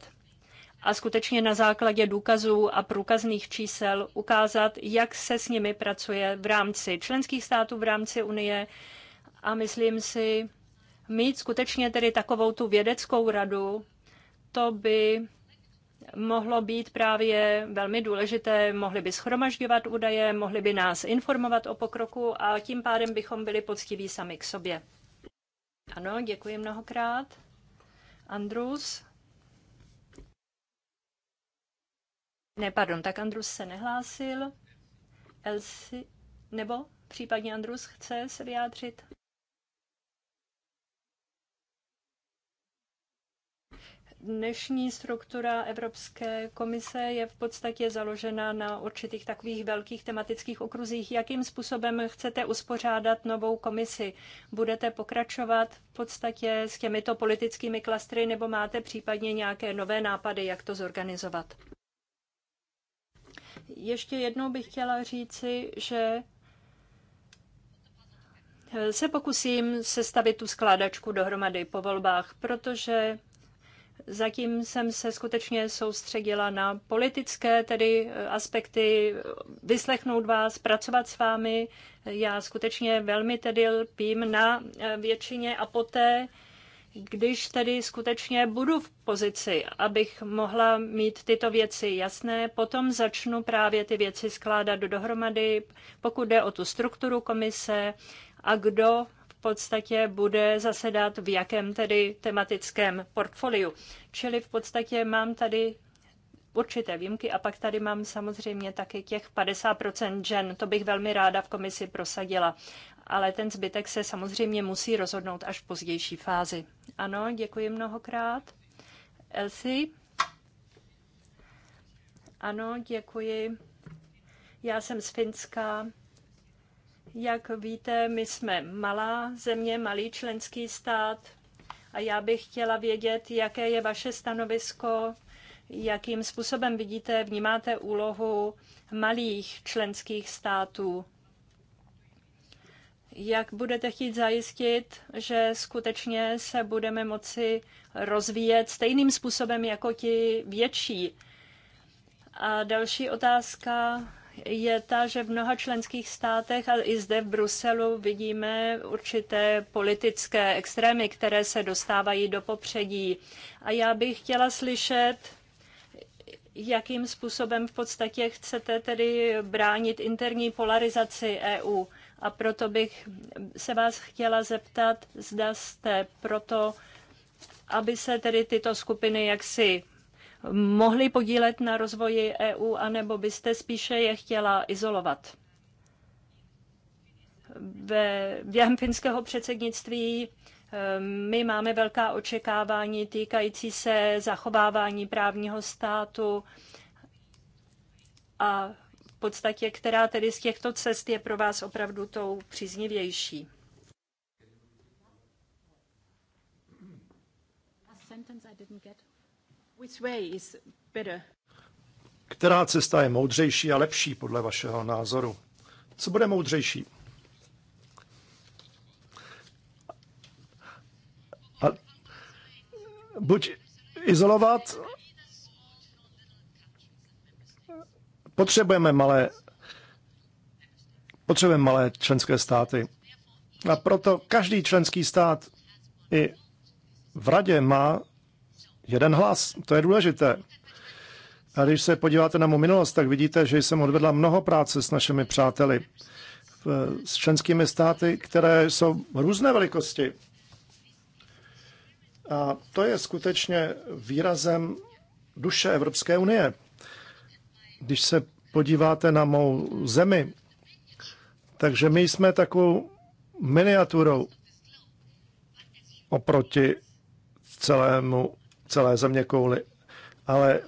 a skutečně na základě důkazů a průkazných čísel ukázat, jak se s nimi pracuje v rámci členských států, v rámci Unie. A myslím si, mít skutečně tedy takovou tu vědeckou radu, to by mohlo být právě velmi důležité. Mohli by schromažďovat údaje, mohli by nás informovat o pokroku a tím pádem bychom byli poctiví sami k sobě. Ano, děkuji mnohokrát. Andrus. Ne, pardon, tak Andrus se nehlásil. Elsi, nebo případně Andrus chce se vyjádřit? dnešní struktura Evropské komise je v podstatě založena na určitých takových velkých tematických okruzích. Jakým způsobem chcete uspořádat novou komisi? Budete pokračovat v podstatě s těmito politickými klastry nebo máte případně nějaké nové nápady, jak to zorganizovat? Ještě jednou bych chtěla říci, že se pokusím sestavit tu skládačku dohromady po volbách, protože Zatím jsem se skutečně soustředila na politické tedy e, aspekty, vyslechnout vás, pracovat s vámi. Já skutečně velmi tedy lpím na e, většině a poté, když tedy skutečně budu v pozici, abych mohla mít tyto věci jasné, potom začnu právě ty věci skládat dohromady, pokud jde o tu strukturu komise a kdo podstatě bude zasedat v jakém tedy tematickém portfoliu. Čili v podstatě mám tady určité výjimky a pak tady mám samozřejmě taky těch 50% žen. To bych velmi ráda v komisi prosadila. Ale ten zbytek se samozřejmě musí rozhodnout až v pozdější fázi. Ano, děkuji mnohokrát. Elsie? Ano, děkuji. Já jsem z Finska jak víte, my jsme malá země, malý členský stát a já bych chtěla vědět, jaké je vaše stanovisko, jakým způsobem vidíte, vnímáte úlohu malých členských států jak budete chtít zajistit, že skutečně se budeme moci rozvíjet stejným způsobem jako ti větší. A další otázka je ta, že v mnoha členských státech, ale i zde v Bruselu vidíme určité politické extrémy, které se dostávají do popředí. A já bych chtěla slyšet, jakým způsobem v podstatě chcete tedy bránit interní polarizaci EU. A proto bych se vás chtěla zeptat, zda jste proto, aby se tedy tyto skupiny jaksi mohli podílet na rozvoji EU, anebo byste spíše je chtěla izolovat? Ve, během finského předsednictví ehm, my máme velká očekávání týkající se zachovávání právního státu a v podstatě, která tedy z těchto cest je pro vás opravdu tou příznivější? A sentence I didn't get. Která cesta je moudřejší a lepší podle vašeho názoru? Co bude moudřejší? A buď izolovat, potřebujeme malé, potřebujeme malé členské státy. A proto každý členský stát i v radě má Jeden hlas, to je důležité. A když se podíváte na mou minulost, tak vidíte, že jsem odvedla mnoho práce s našimi přáteli, eh, s členskými státy, které jsou různé velikosti. A to je skutečně výrazem duše Evropské unie. Když se podíváte na mou zemi, takže my jsme takovou miniaturou oproti celému celé země kouly. Ale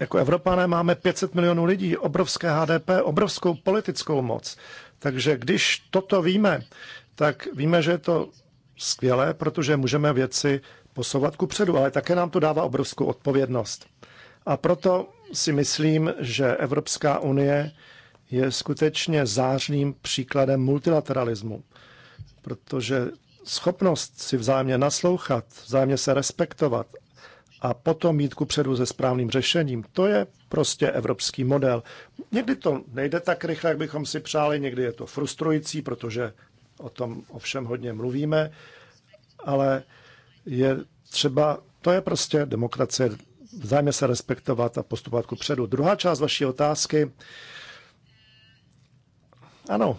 jako Evropané máme 500 milionů lidí, obrovské HDP, obrovskou politickou moc. Takže když toto víme, tak víme, že je to skvělé, protože můžeme věci posouvat ku předu, ale také nám to dává obrovskou odpovědnost. A proto si myslím, že Evropská unie je skutečně zářným příkladem multilateralismu, protože schopnost si vzájemně naslouchat, vzájemně se respektovat a potom mít ku předu se správným řešením. To je prostě evropský model. Někdy to nejde tak rychle, jak bychom si přáli, někdy je to frustrující, protože o tom ovšem hodně mluvíme, ale je třeba, to je prostě demokracie, vzájemně se respektovat a postupovat ku předu. Druhá část vaší otázky, ano,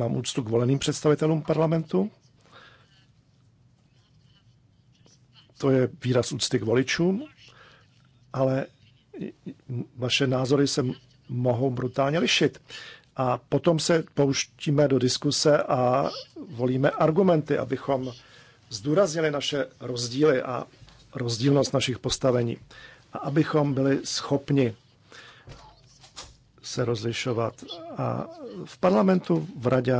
mám úctu k voleným představitelům parlamentu. To je výraz úcty k voličům, ale vaše názory se mohou brutálně lišit. A potom se pouštíme do diskuse a volíme argumenty, abychom zdůraznili naše rozdíly a rozdílnost našich postavení. A abychom byli schopni se rozlišovat. A v parlamentu, v radě,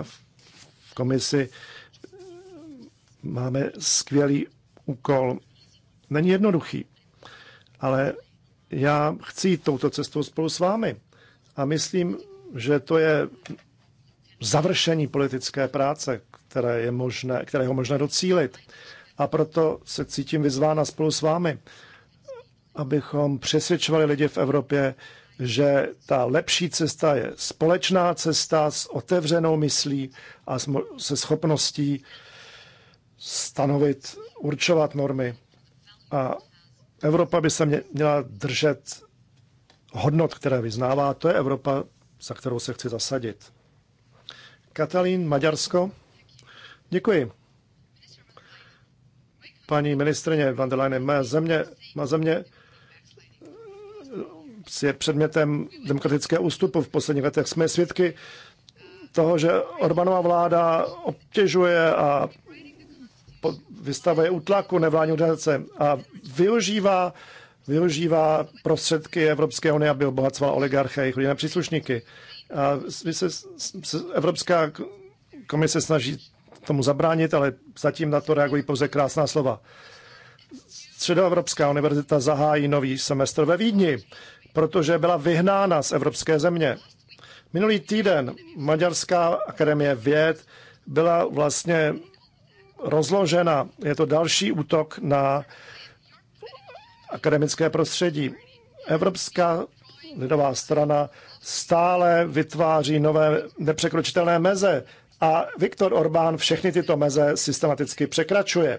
v komisi máme skvělý úkol. Není jednoduchý, ale já chci jít touto cestou spolu s vámi. A myslím, že to je završení politické práce, které je možné, kterého možné docílit. A proto se cítím vyzvána spolu s vámi, abychom přesvědčovali lidi v Evropě, že ta lepší cesta je společná cesta s otevřenou myslí a se schopností stanovit, určovat normy. A Evropa by se měla držet hodnot, které vyznává. To je Evropa, za kterou se chci zasadit. Katalín, Maďarsko. Děkuji. Paní ministrině van der Leyen, má země, má země je předmětem demokratického ústupu v posledních letech. Jsme svědky toho, že orbanova vláda obtěžuje a vystavuje útlaku nevládní organizace a využívá, využívá prostředky Evropské unie, aby obohacovala oligarchy a jejich rodinné příslušníky. A se, se, Evropská komise snaží tomu zabránit, ale zatím na to reagují pouze krásná slova. Středoevropská univerzita zahájí nový semestr ve Vídni protože byla vyhnána z evropské země. Minulý týden Maďarská akademie věd byla vlastně rozložena. Je to další útok na akademické prostředí. Evropská lidová strana stále vytváří nové nepřekročitelné meze a Viktor Orbán všechny tyto meze systematicky překračuje.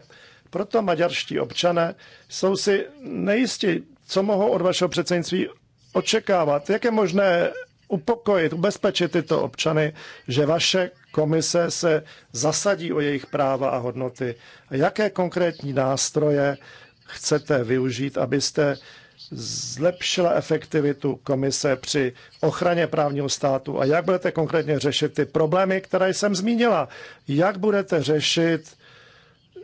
Proto maďarští občané jsou si nejistí, co mohou od vašeho předsednictví očekávat? Jak je možné upokojit, ubezpečit tyto občany, že vaše komise se zasadí o jejich práva a hodnoty? A jaké konkrétní nástroje chcete využít, abyste zlepšila efektivitu komise při ochraně právního státu a jak budete konkrétně řešit ty problémy, které jsem zmínila. Jak budete řešit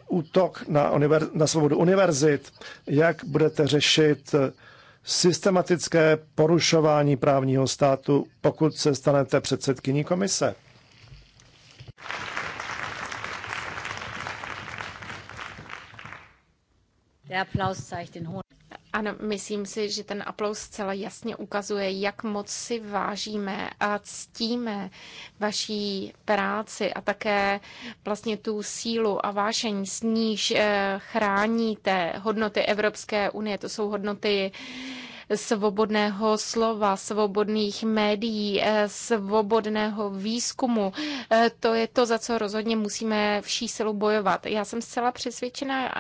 útok na, univer- na svobodu univerzit, jak budete řešit systematické porušování právního státu, pokud se stanete předsedkyní komise. Der Applaus zeigt den hohen ano, myslím si, že ten aplaus zcela jasně ukazuje, jak moc si vážíme a ctíme vaší práci a také vlastně tu sílu a vášení, s níž eh, chráníte hodnoty Evropské unie. To jsou hodnoty svobodného slova, svobodných médií, eh, svobodného výzkumu. Eh, to je to, za co rozhodně musíme vší silu bojovat. Já jsem zcela přesvědčena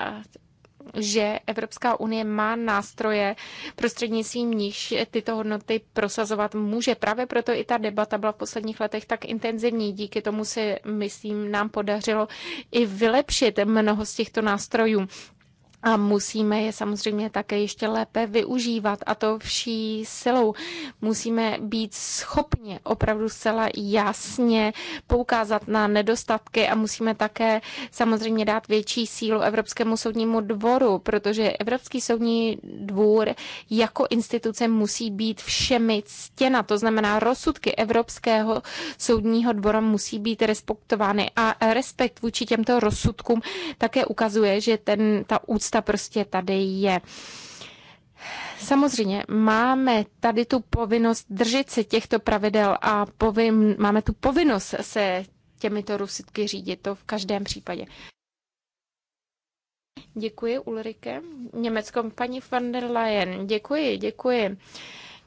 že Evropská unie má nástroje prostřednictvím níž tyto hodnoty prosazovat může. Právě proto i ta debata byla v posledních letech tak intenzivní. Díky tomu se, myslím, nám podařilo i vylepšit mnoho z těchto nástrojů a musíme je samozřejmě také ještě lépe využívat a to vší silou. Musíme být schopni opravdu zcela jasně poukázat na nedostatky a musíme také samozřejmě dát větší sílu Evropskému soudnímu dvoru, protože Evropský soudní dvůr jako instituce musí být všemi ctěna. To znamená, rozsudky Evropského soudního dvora musí být respektovány a respekt vůči těmto rozsudkům také ukazuje, že ten, ta úcta úcta prostě tady je. Samozřejmě máme tady tu povinnost držet se těchto pravidel a povin, máme tu povinnost se těmito rusitky řídit, to v každém případě. Děkuji Ulrike. Německo paní van der Leyen. Děkuji, děkuji.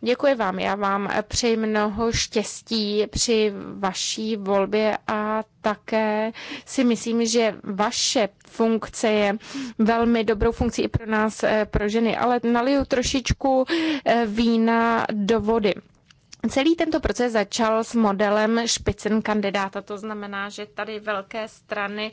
Děkuji vám, já vám přeji mnoho štěstí při vaší volbě a také si myslím, že vaše funkce je velmi dobrou funkcí i pro nás, eh, pro ženy, ale naliju trošičku eh, vína do vody. Celý tento proces začal s modelem špicen kandidáta, to znamená, že tady velké strany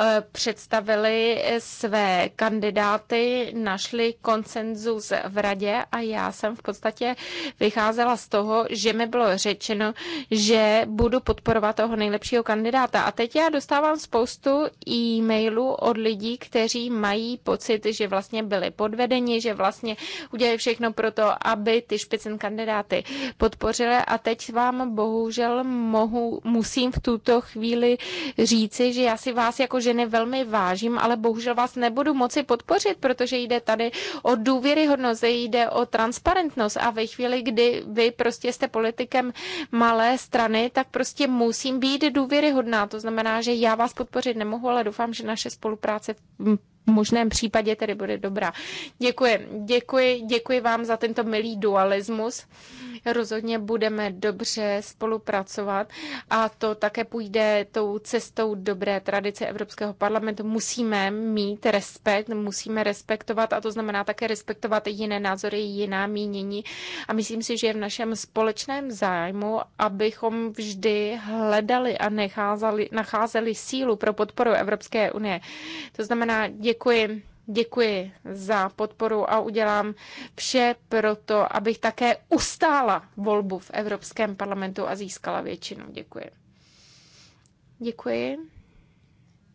eh, představily své kandidáty, našli konsenzus v radě a já jsem v podstatě vycházela z toho, že mi bylo řečeno, že budu podporovat toho nejlepšího kandidáta. A teď já dostávám spoustu e-mailů od lidí, kteří mají pocit, že vlastně byli podvedeni, že vlastně udělali všechno pro to, aby ty špicen kandidáty podporovali podpořili a teď vám bohužel mohu, musím v tuto chvíli říci, že já si vás jako ženy velmi vážím, ale bohužel vás nebudu moci podpořit, protože jde tady o důvěryhodnost, jde o transparentnost a ve chvíli, kdy vy prostě jste politikem malé strany, tak prostě musím být důvěryhodná. To znamená, že já vás podpořit nemohu, ale doufám, že naše spolupráce v možném případě tedy bude dobrá. Děkuji, děkuji, děkuji vám za tento milý dualismus rozhodně budeme dobře spolupracovat a to také půjde tou cestou dobré tradice Evropského parlamentu. Musíme mít respekt, musíme respektovat a to znamená také respektovat jiné názory, jiná mínění a myslím si, že je v našem společném zájmu, abychom vždy hledali a nacházeli sílu pro podporu Evropské unie. To znamená, děkuji děkuji za podporu a udělám vše pro to, abych také ustála volbu v Evropském parlamentu a získala většinu. Děkuji. Děkuji.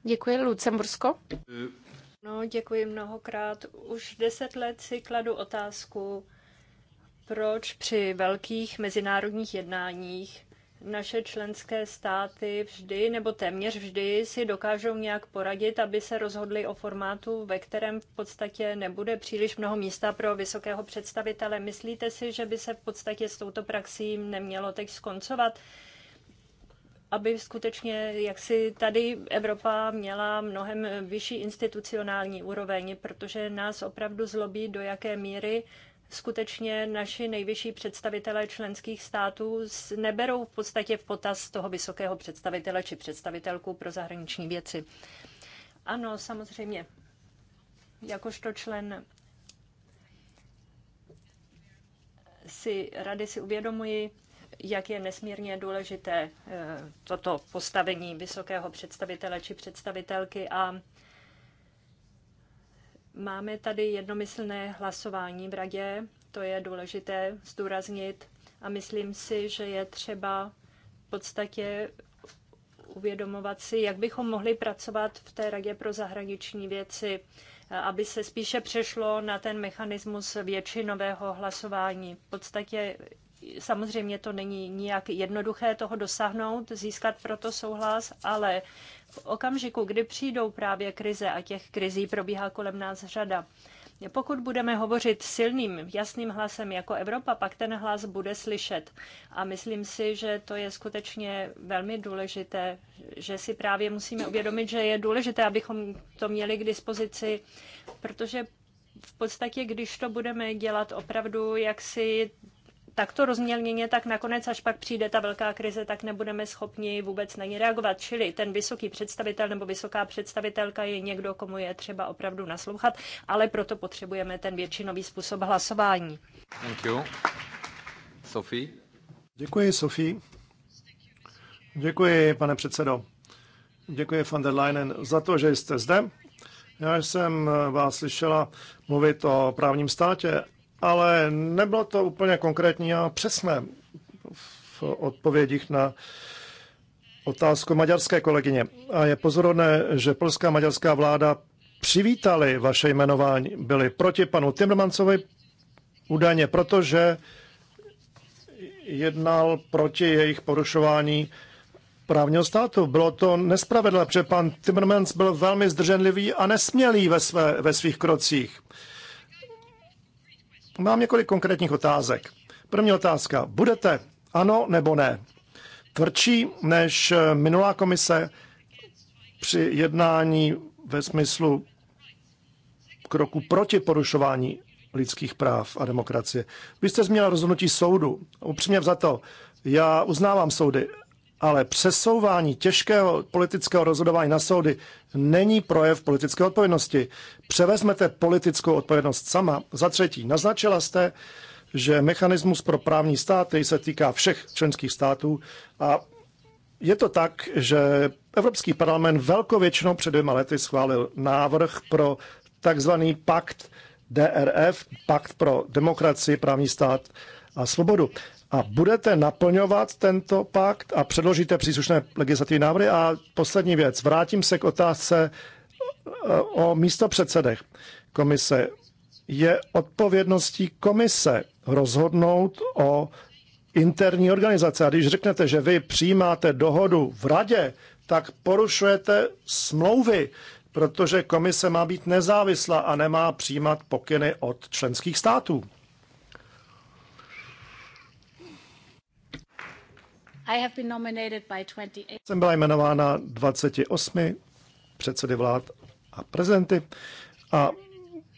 Děkuji, Lucembursko. No, děkuji mnohokrát. Už deset let si kladu otázku, proč při velkých mezinárodních jednáních naše členské státy vždy nebo téměř vždy si dokážou nějak poradit, aby se rozhodli o formátu, ve kterém v podstatě nebude příliš mnoho místa pro vysokého představitele. Myslíte si, že by se v podstatě s touto praxí nemělo teď skoncovat? aby skutečně, jak si tady Evropa měla mnohem vyšší institucionální úroveň, protože nás opravdu zlobí, do jaké míry skutečně naši nejvyšší představitelé členských států neberou v podstatě v potaz toho vysokého představitele či představitelku pro zahraniční věci. Ano, samozřejmě. Jakožto člen si rady si uvědomuji, jak je nesmírně důležité eh, toto postavení vysokého představitele či představitelky a Máme tady jednomyslné hlasování v radě, to je důležité zdůraznit a myslím si, že je třeba v podstatě uvědomovat si, jak bychom mohli pracovat v té radě pro zahraniční věci, aby se spíše přešlo na ten mechanismus většinového hlasování. V podstatě Samozřejmě to není nijak jednoduché toho dosáhnout, získat proto souhlas, ale v okamžiku, kdy přijdou právě krize, a těch krizí probíhá kolem nás řada, pokud budeme hovořit silným, jasným hlasem jako Evropa, pak ten hlas bude slyšet. A myslím si, že to je skutečně velmi důležité, že si právě musíme uvědomit, že je důležité, abychom to měli k dispozici, protože v podstatě, když to budeme dělat opravdu jaksi takto rozmělněně, tak nakonec, až pak přijde ta velká krize, tak nebudeme schopni vůbec na ní reagovat. Čili ten vysoký představitel nebo vysoká představitelka je někdo, komu je třeba opravdu naslouchat, ale proto potřebujeme ten většinový způsob hlasování. Thank you. Sophie. Děkuji, Sophie. Děkuji, pane předsedo. Děkuji, van der Leinen, za to, že jste zde. Já jsem vás slyšela mluvit o právním státě ale nebylo to úplně konkrétní a přesné v odpovědích na otázku maďarské kolegyně. A je pozorné, že polská a maďarská vláda přivítali vaše jmenování, byli proti panu Timmermansovi údajně, protože jednal proti jejich porušování právního státu. Bylo to nespravedlivé, protože pan Timmermans byl velmi zdrženlivý a nesmělý ve, své, ve svých krocích. Mám několik konkrétních otázek. První otázka. Budete ano nebo ne? Tvrdší než eh, minulá komise při jednání ve smyslu kroku proti porušování lidských práv a demokracie. Vy jste změnil rozhodnutí soudu. Upřímně za to, já uznávám soudy, ale přesouvání těžkého politického rozhodování na soudy není projev politické odpovědnosti. Převezmete politickou odpovědnost sama. Za třetí, naznačila jste, že mechanismus pro právní státy se týká všech členských států a je to tak, že Evropský parlament velkou většinou před dvěma lety schválil návrh pro takzvaný pakt DRF, pakt pro demokracii, právní stát a svobodu a budete naplňovat tento pakt a předložíte příslušné legislativní návrhy. A poslední věc, vrátím se k otázce eh, o místopředsedech komise. Je odpovědností komise rozhodnout o interní organizace. A když řeknete, že vy přijímáte dohodu v radě, tak porušujete smlouvy, protože komise má být nezávislá a nemá přijímat pokyny od členských států. Jsem byla jmenována 28 předsedy vlád a prezenty a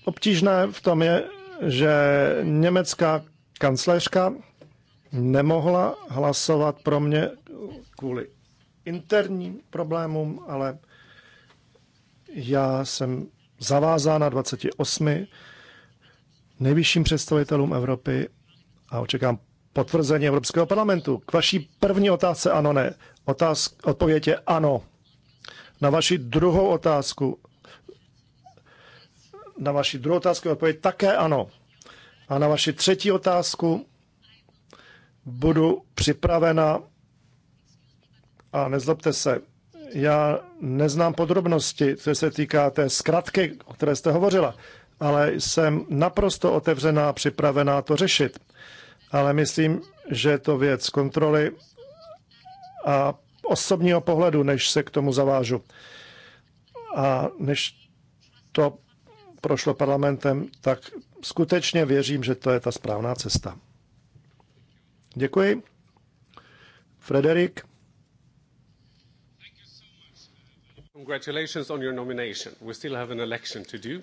obtížné v tom je, že německá kancléřka nemohla hlasovat pro mě kvůli interním problémům, ale já jsem zavázána 28 nejvyšším představitelům Evropy a očekám potvrzení Evropského parlamentu. K vaší první otázce ano, ne. Otázk, odpověď je ano. Na vaši druhou otázku na vaši druhou otázku odpověď také ano. A na vaši třetí otázku budu připravena a nezlobte se, já neznám podrobnosti, co se týká té zkratky, o které jste hovořila, ale jsem naprosto otevřená a připravená to řešit ale myslím, že je to věc kontroly a osobního pohledu, než se k tomu zavážu. A než to prošlo parlamentem, tak skutečně věřím, že to je ta správná cesta. Děkuji. Frederik. Congratulations on your nomination. We still have an election to do.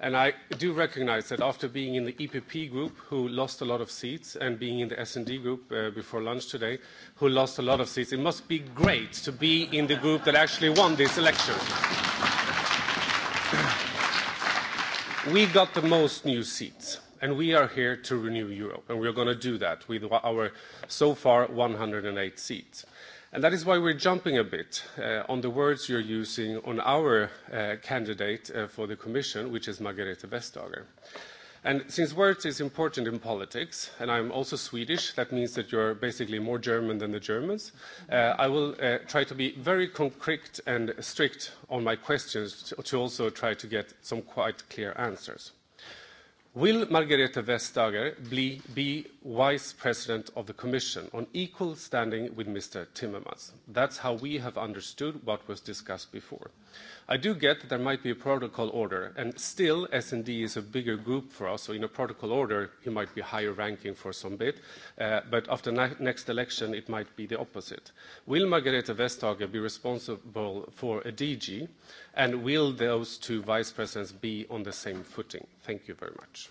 And I do recognize that after being in the EPP group, who lost a lot of seats, and being in the S&D group uh, before lunch today, who lost a lot of seats, it must be great to be in the group that actually won this election. we got the most new seats and we are here to renew Europe, and we are going to do that with our so far 108 seats. And that is why we're jumping a bit uh, on the words you're using on our uh, candidate uh, for the Commission, which is Margarete Vestager. And since words is important in politics, and I'm also Swedish, that means that you're basically more German than the Germans, uh, I will uh, try to be very concrete and strict on my questions to, to also try to get some quite clear answers. Will Margrethe Vestager be, be Vice President of the Commission on equal standing with Mr. Timmermans? That's how we have understood what was discussed before. I do get that there might be a protocol order, and still SND is a bigger group for us, so in a protocol order, he might be higher ranking for some bit, uh, but after next election, it might be the opposite. Will Margareta Vestager be responsible for a DG, and will those two vice presidents be on the same footing? Thank you very much.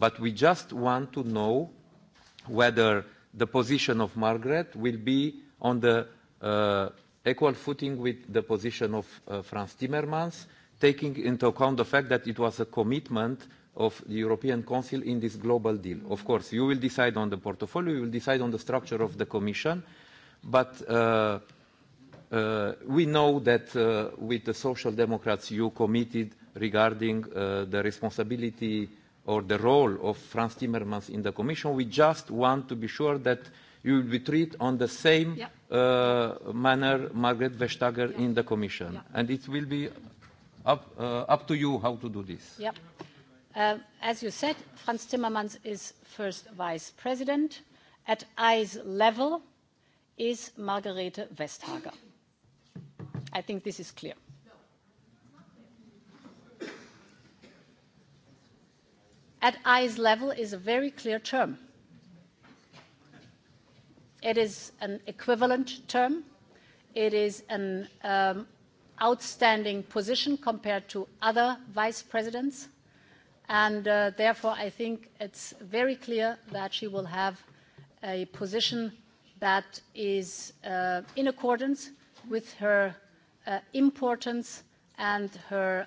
But we just want to know whether the position of Margaret will be on the uh, equal footing with the position of uh, Franz Timmermans, taking into account the fact that it was a commitment of the European Council in this global deal. Of course, you will decide on the portfolio, you will decide on the structure of the Commission, but uh, uh, we know that uh, with the Social Democrats you committed regarding uh, the responsibility or the role of Franz Timmermans in the Commission. We just want to be sure that you will be treated on the same yeah. uh, manner Margaret Vestager yeah. in the Commission. Yeah. And it will be up, uh, up to you how to do this. Yeah. Uh, as you said, Franz Timmermans is first vice president. At eyes level is Margarete Vestager. I think this is clear. at eyes level is a very clear term. It is an equivalent term. It is an um, outstanding position compared to other vice presidents. And uh, therefore, I think it's very clear that she will have a position that is uh, in accordance with her uh, importance and her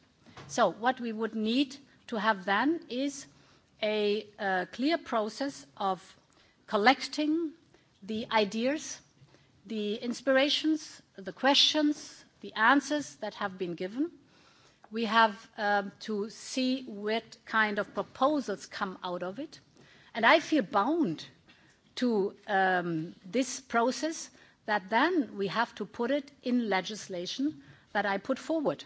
So what we would need to have then is a, clear process of collecting the ideas, the inspirations, the questions, the answers that have been given. We have um, to see what kind of proposals come out of it. And I feel bound to um, this process that then we have to put it in legislation that I put forward.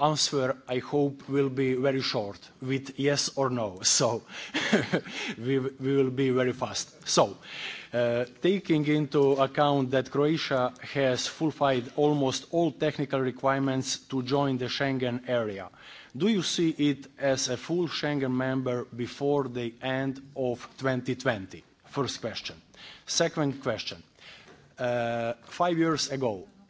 answer, I hope, will be very short with yes or no. So we, we will be very fast. So uh, taking into account that Croatia has fulfilled almost all technical requirements to join the Schengen area, do you see it as a full Schengen member before the end of 2020? First question. Second question. Uh, five years ago,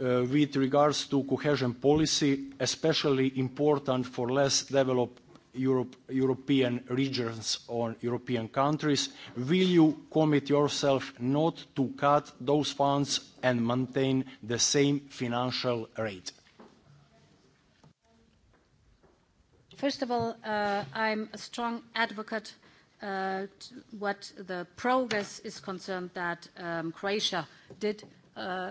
Uh, with regards to cohesion policy, especially important for less developed Europe, European regions or European countries, will you commit yourself not to cut those funds and maintain the same financial rate? First of all, uh, I'm a strong advocate uh, what the progress is concerned that um, Croatia did uh,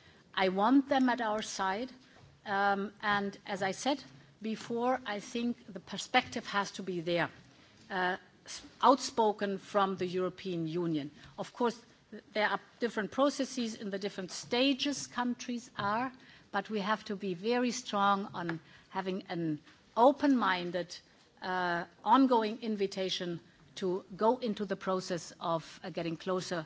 i want them at our side. Um, and as I said before, I think the perspective has to be there, uh, outspoken from the European Union. Of course, there are different processes in the different stages countries are, but we have to be very strong on having an open-minded, uh, ongoing invitation to go into the process of uh, getting closer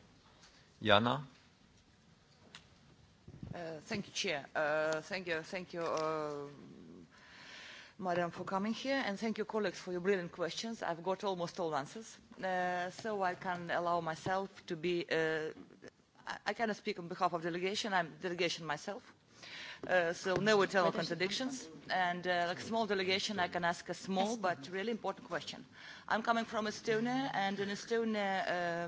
Jana? Uh, thank you, Chair. Uh, thank you, thank you, uh, Madam, for coming here, and thank you, colleagues, for your brilliant questions. I've got almost all answers, uh, so I can allow myself to be. Uh, I cannot speak on behalf of delegation. I'm delegation myself. Uh, so no eternal contradictions. And uh, like a small delegation, I can ask a small but really important question. I'm coming from Estonia, and in Estonia, uh,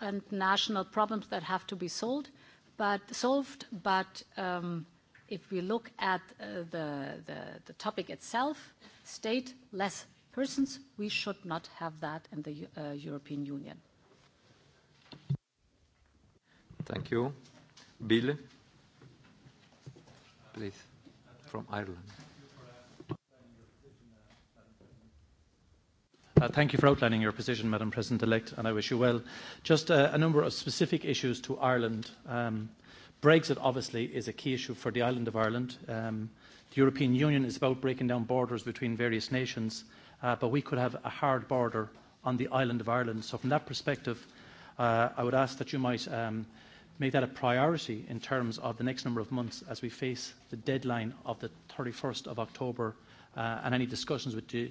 and national problems that have to be solved, but solved. But um, if we look at uh, the, the, topic itself, state less persons, we should not have that in the uh, European Union. Thank you. Bill, please, from Ireland. Uh, thank you for outlining your position, Madam President-elect, and I wish you well. Just uh, a number of specific issues to Ireland. Um, Brexit, obviously, is a key issue for the island of Ireland. Um, the European Union is about breaking down borders between various nations, uh, but we could have a hard border on the island of Ireland. from that perspective, I would ask that you might um, make that a priority in terms of the next number of months as we face the deadline of the 31st of October and any discussions with the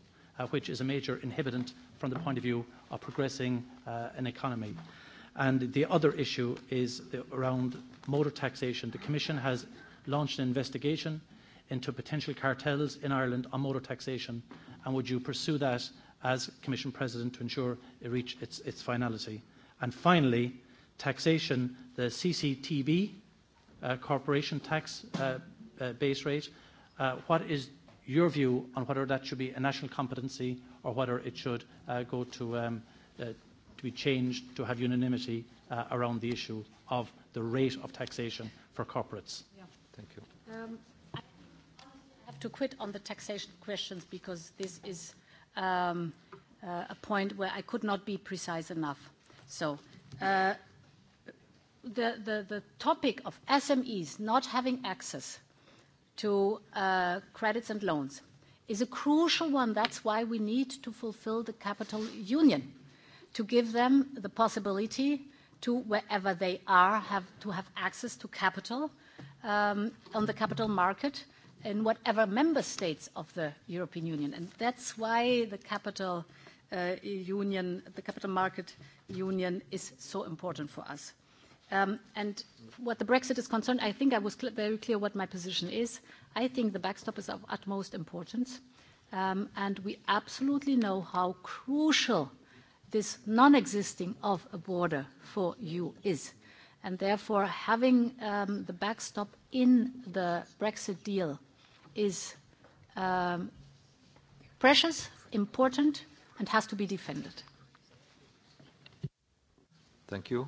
uh, which is a major inhibitant from the point of view of progressing uh, an economy. And the other issue is the, around motor taxation. The Commission has launched an investigation into potential cartels in Ireland on motor taxation, and would you pursue that as Commission President to ensure it reach its, its finality? And finally, taxation, the CCTB uh, corporation tax uh, uh, base rate. Uh, what is your view on whether that should be a national competency or whether it should uh, go to, um, uh, to be changed to have unanimity uh, around the issue of the rate of taxation for corporates. Yeah. Thank you. Um, I have to quit on the taxation questions because this is um, uh, a point where I could not be precise enough. So. Uh, the, the, the topic of SMEs not having access to uh, credits and loans is a crucial one. That's why we need to fulfill the capital union, to give them the possibility to, wherever they are, have, to have access to capital um, on the capital market in whatever member states of the European Union. And that's why the capital uh, union, the capital market union is so important for us. Um, and what the Brexit is concerned, I think I was very clear what my position is. I think the backstop is of utmost importance, um, and we absolutely know how crucial this non-existing of a border for you is. And therefore, having um, the backstop in the Brexit deal is precious, important, and has to be defended. Thank you.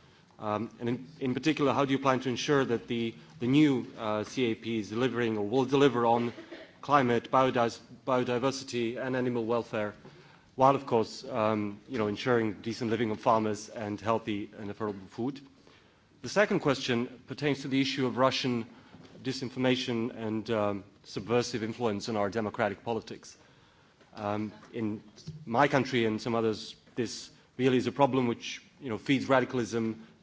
Um, and in, in particular, how do you plan to ensure that the, the new uh, CAP is delivering or will deliver on climate, biodiversity, and animal welfare, while, of course, um, you know, ensuring decent living of farmers and healthy and affordable food? The second question pertains to the issue of Russian disinformation and um, subversive influence on our democratic politics. Um, in my country and some others, this really is a problem which you know, feeds radicalism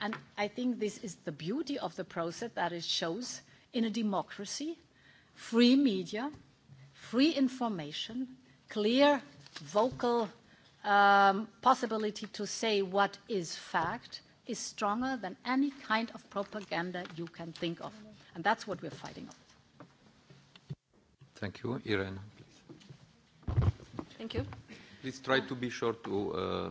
And I think this is the beauty of the process that it shows in a democracy, free media, free information, clear vocal um, possibility to say what is fact is stronger than any kind of propaganda you can think of. And that's what we're fighting for. Thank you. Irene, please. Thank you. Please try to be short sure to uh,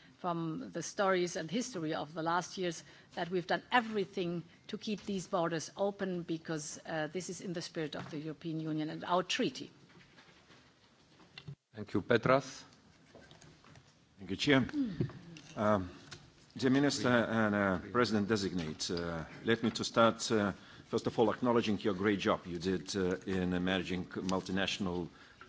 from the stories and history of the last years that we've done everything to keep these borders open because uh, this is in the spirit of the European Union and our treaty. Thank you, Petras. Thank you, Chair. Mm. dear Minister and uh, President-designate, uh, let me to start, first of all, acknowledging your great job you did in managing multinational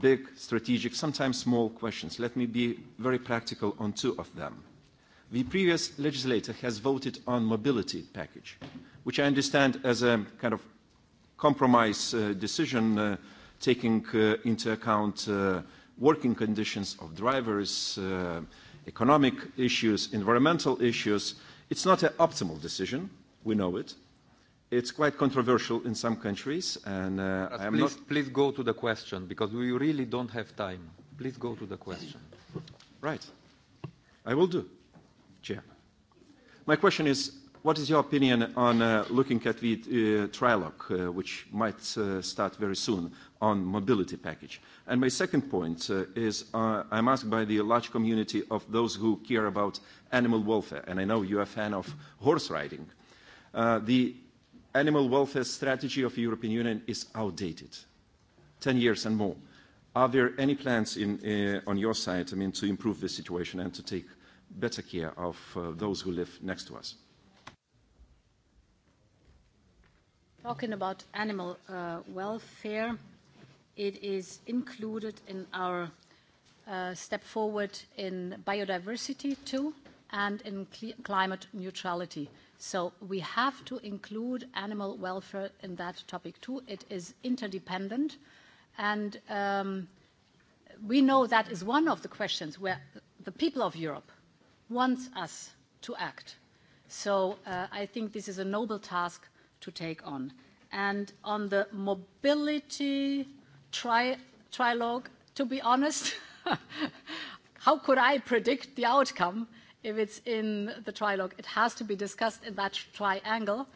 big, strategic, sometimes small questions. Let me be very practical on two of them. The previous legislator has voted on mobility package, which I understand as a kind of compromise uh, decision uh, taking uh, into account uh, working conditions of drivers, uh, economic issues, environmental issues. It's not an optimal decision, we know it, it's quite controversial in some countries, and uh, I am please, not... Please go to the question, because we really don't have time. Please go to the question. Right. I will do, Chair. My question is, what is your opinion on uh, looking at the uh, trilogue, uh, which might uh, start very soon, on mobility package? And my second point uh, is, uh, I'm asked by the large community of those who care about animal welfare, and I know you're a fan of horse riding. Uh, the animal welfare strategy of the European Union is outdated, 10 years and more. Are there any plans in, uh, on your side, I mean, to improve the situation and to take better care of uh, those who live next to us? Talking about animal uh, welfare, it is included in our uh, step forward in biodiversity too and in cl climate neutrality. So we have to include animal welfare in that topic too. It is interdependent. And um, we know that is one of the questions where the people of Europe wants us to act. So uh, I think this is a noble task to take on. And on the mobility tri trilogue, to be honest, how could I predict the outcome? if it's in the trilogue, it has to be discussed in that triangle.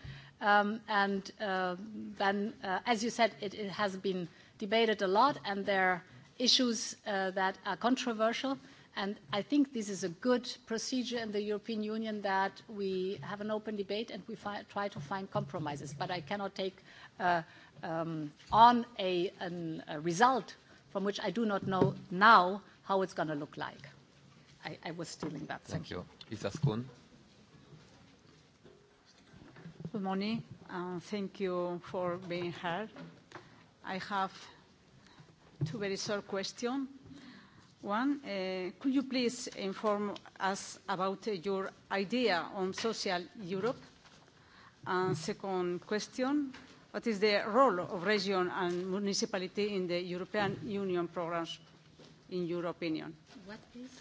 Um, and uh, then, uh, as you said, it, it has been debated a lot, and there are issues uh, that are controversial. And I think this is a good procedure in the European Union that we have an open debate and we try to find compromises. But I cannot take uh, um, on a, an, a result from which I do not know now how it's going to look like. I, was stealing that. Thank, you. Lisa Schoon. Good morning. Uh, thank you for being here. I have two very short questions. One, uh, could you please inform us about uh, your idea on social Europe? And second question, what is the role of region and municipality in the European Union programs, in your opinion? What, please?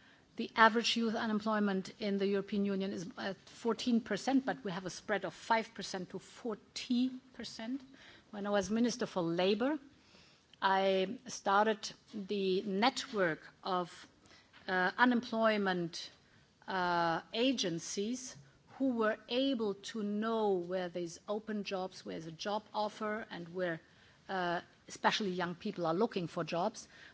The average youth unemployment in the European Union is at uh, 14%, but we have a spread of 5% to 40%. When I was Minister for Labour, I started the network of uh, unemployment uh, agencies who were able to know where there's open jobs, where there's a job offer, and where especially young people are looking for jobs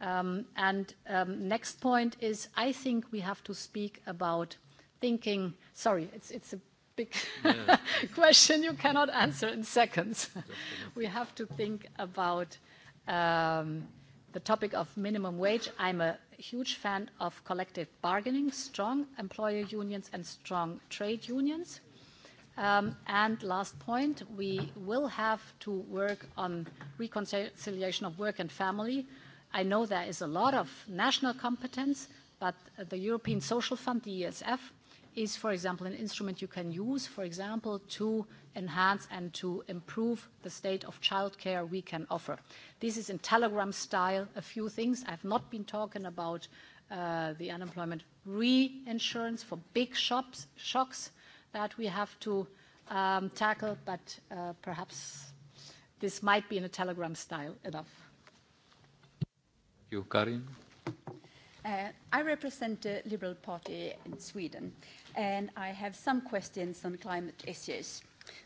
Um, um, next point is, I think we have to speak about thinking. Sorry, it's, a big question you cannot answer in seconds. we have to think about um, the topic of minimum wage. I'm a huge fan of collective bargaining, strong employer unions and strong trade unions. and last point, we will have to work on reconciliation of work and family i know there is a lot of national competence, but the European Social Fund, the ESF, is, for example, an instrument you can use, for example, to enhance and to improve the state of childcare we can offer. This is in telegram style, a few things. I've not been talking about uh, the unemployment reinsurance for big shocks that we have to um, tackle, but uh, perhaps this might be in a telegram style enough. Karin? Eh, I represent the Liberal Party in Sweden, and I have some questions on climate issues.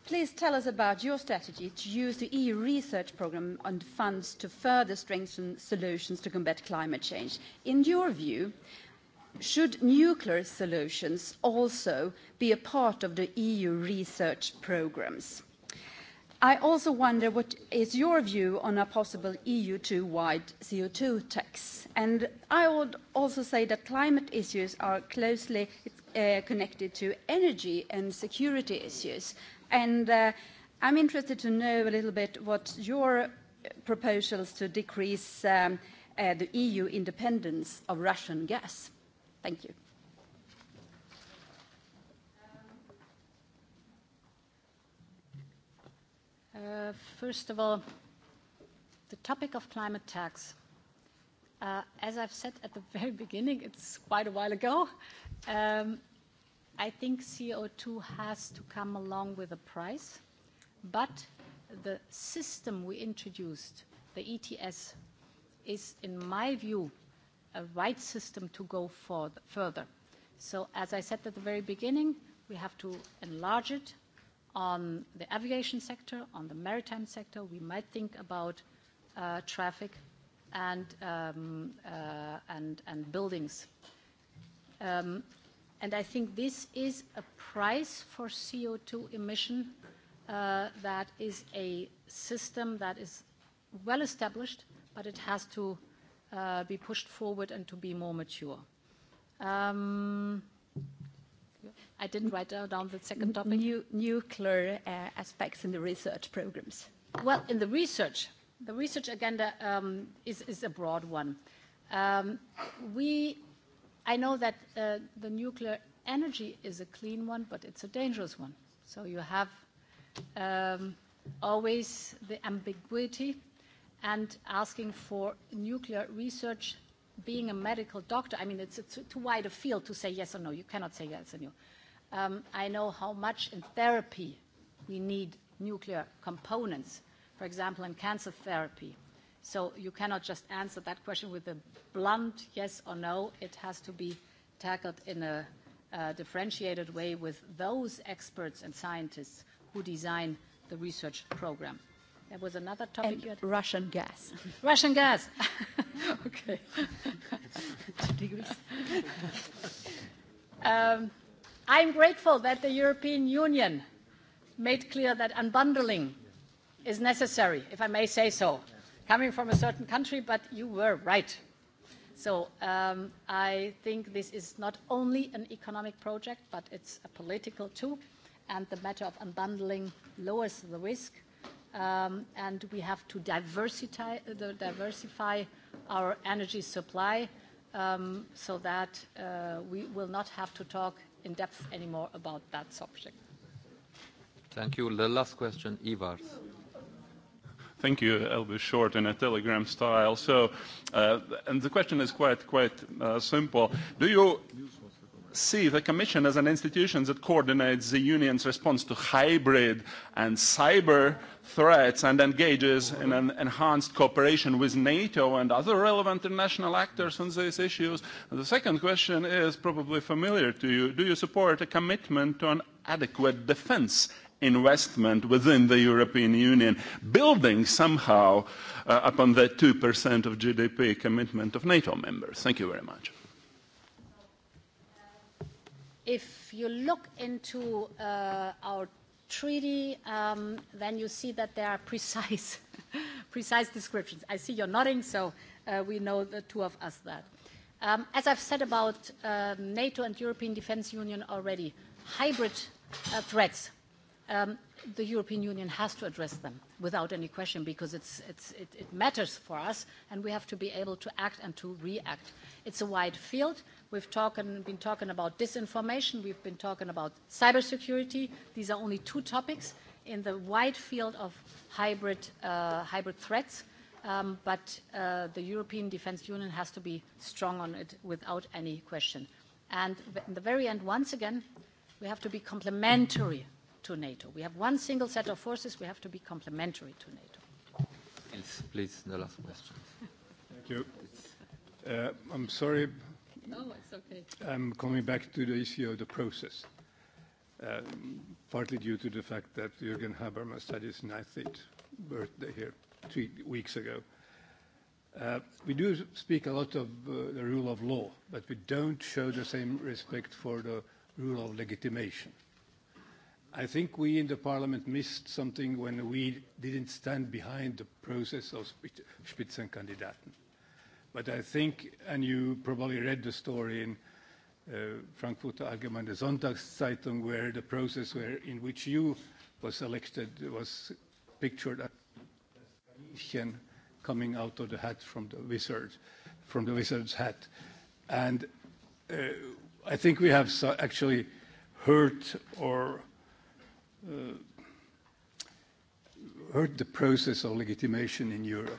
Please tell us about your strategy to use the EU research programme and funds to further strengthen solutions to combat climate change. In your view, should nuclear solutions also be a part of the EU research programmes? I also wonder what is your view on a possible EU-wide CO2 tax? And I would also say that climate issues are closely uh, connected to energy and security issues. And uh, I'm interested to know a little bit what your proposals to decrease um, uh, the EU independence of Russian gas. Thank you. Uh, first of all, the topic of climate tax. Uh, as I've said at the very beginning, it's quite a while ago. Um, I think CO2 has to come along with a price, but the system we introduced, the ETS, is, in my view, a right system to go for, further. So, as I said at the very beginning, we have to enlarge it, on the aviation sector, on the maritime sector. We might think about uh, traffic and, um, uh, and, and buildings. Um, and I think this is a price for CO2 emission uh, that is a system that is well established, but it has to uh, be pushed forward and to be more mature. Um, i didn't write down the second topic. New, nuclear uh, aspects in the research programs. Well, in the research, the research agenda um, is, is a broad one. Um, we, I know that uh, the nuclear energy is a clean one, but it's a dangerous one. So you have um, always the ambiguity and asking for nuclear research being a medical doctor, I mean, it's, it's too wide a field to say yes or no. You cannot say yes or no. Um, I know how much in therapy we need nuclear components, for example, in cancer therapy. So you cannot just answer that question with a blunt yes or no. It has to be tackled in a uh, differentiated way with those experts and scientists who design the research program. There was another topic and you had? Russian gas. Russian gas. okay. um, I'm grateful that the European Union made clear that unbundling is necessary, if I may say so, coming from a certain country, but you were right. So um, I think this is not only an economic project, but it's a political too, and the matter of unbundling lowers the risk, um, and we have to diversify, diversify our energy supply um, so that uh, we will not have to talk in depth anymore about that subject. Thank you. The last question, Ivar. Thank you. I'll be short in a telegram style. So, uh, and the question is quite, quite uh, simple. Do you see the Commission as an institution that coordinates the Union's response to hybrid and cyber threats and engages in an enhanced cooperation with NATO and other relevant international actors on these issues. And the second question is probably familiar to you. Do you support a commitment to an adequate defense investment within the European Union, building somehow uh, upon the 2% of GDP commitment of NATO members? Thank you very much if you look into uh, our treaty, um, then you see that there are precise, precise descriptions. I see you're nodding, so uh, we know, the two of us, that. Um, as I've said about uh, NATO and European Defence Union already, hybrid uh, threats, um, the European Union has to address them without any question because it's, it's, it, it matters for us and we have to be able to act and to react. It's a wide field We've talking, been talking about disinformation. We've been talking about cybersecurity. These are only two topics in the wide field of hybrid, uh, hybrid threats. Um, but uh, the European Defence Union has to be strong on it without any question. And in the very end, once again, we have to be complementary to NATO. We have one single set of forces. We have to be complementary to NATO. Yes, please, the last question. Thank you. Uh, I'm sorry, No, it's okay. I'm coming back to the issue of the process, um, partly due to the fact that Jürgen Habermas had his 90th birthday here three weeks ago. Uh, we do speak a lot of uh, the rule of law, but we don't show the same respect for the rule of legitimation. I think we in the parliament missed something when we didn't stand behind the process of Spitzenkandidaten. But I think, and you probably read the story in uh, Frankfurter Allgemeine Sonntagszeitung, where the process where, in which you was elected was pictured as Kaninchen coming out of the hat from the wizard, from the wizard's hat. And uh, I think we have so actually hurt or uh, hurt the process of legitimation in Europe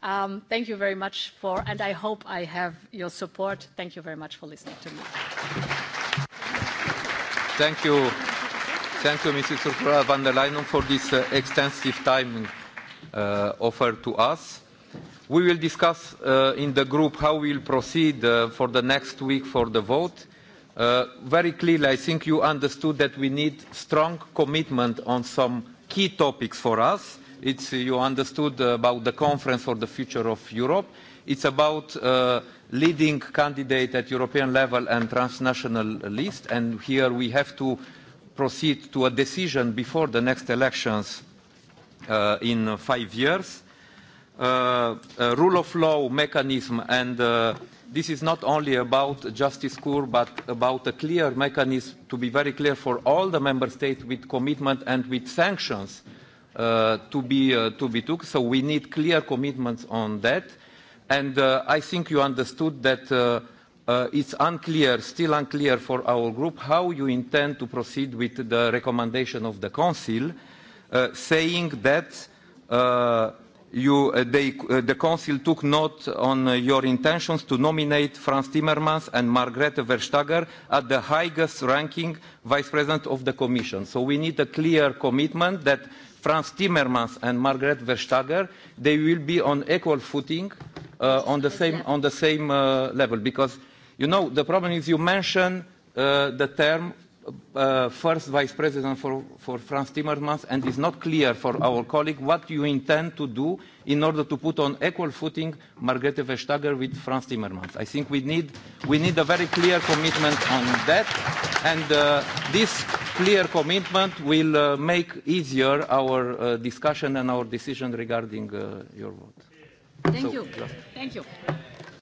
Um, thank you very much for, and I hope I have your support. Thank you very much for listening to me. Thank you. Thank you, Mrs. Ursula von der Leyen, for this uh, extensive time uh, offered to us. We will discuss uh, in the group how we will proceed for the next week for the vote. very clearly, I think you understood that we need strong commitment on some key topics for us It's, uh, you understood uh, about the conference for the future of Europe. It's about uh, leading candidate at European level and transnational list. And here we have to proceed to a decision before the next elections uh, in five years. Uh, uh, rule of law mechanism and uh, this is not only about justice core but about a clear mechanism to be very clear for all the member states with commitment and with sanctions uh, Uh, uh, to, be, took. So we need clear commitments on that. And uh, I think you understood that it's unclear, still unclear for our group, how you intend to proceed with the recommendation of the Council, saying that the Council took note on your intentions to nominate Frans Timmermans and Margrethe Vestager at the highest ranking Vice President of the Commission. So we need a clear commitment that Franz Timmermans and Margaret Vestager, they will be on equal footing uh, on the same, on the same uh, level. Because, you know, the problem is you mention uh, the term uh, first Vice President for, for Franz Timmermans, and it's not clear for our colleague what you intend to do in order to put on equal footing Margrethe Vestager with Franz Timmermans. I think we need, we need a very clear commitment on that, and uh, this clear commitment will uh, make easier our uh, discussion and our decision regarding uh, your vote. Thank so, you. Just. Thank you.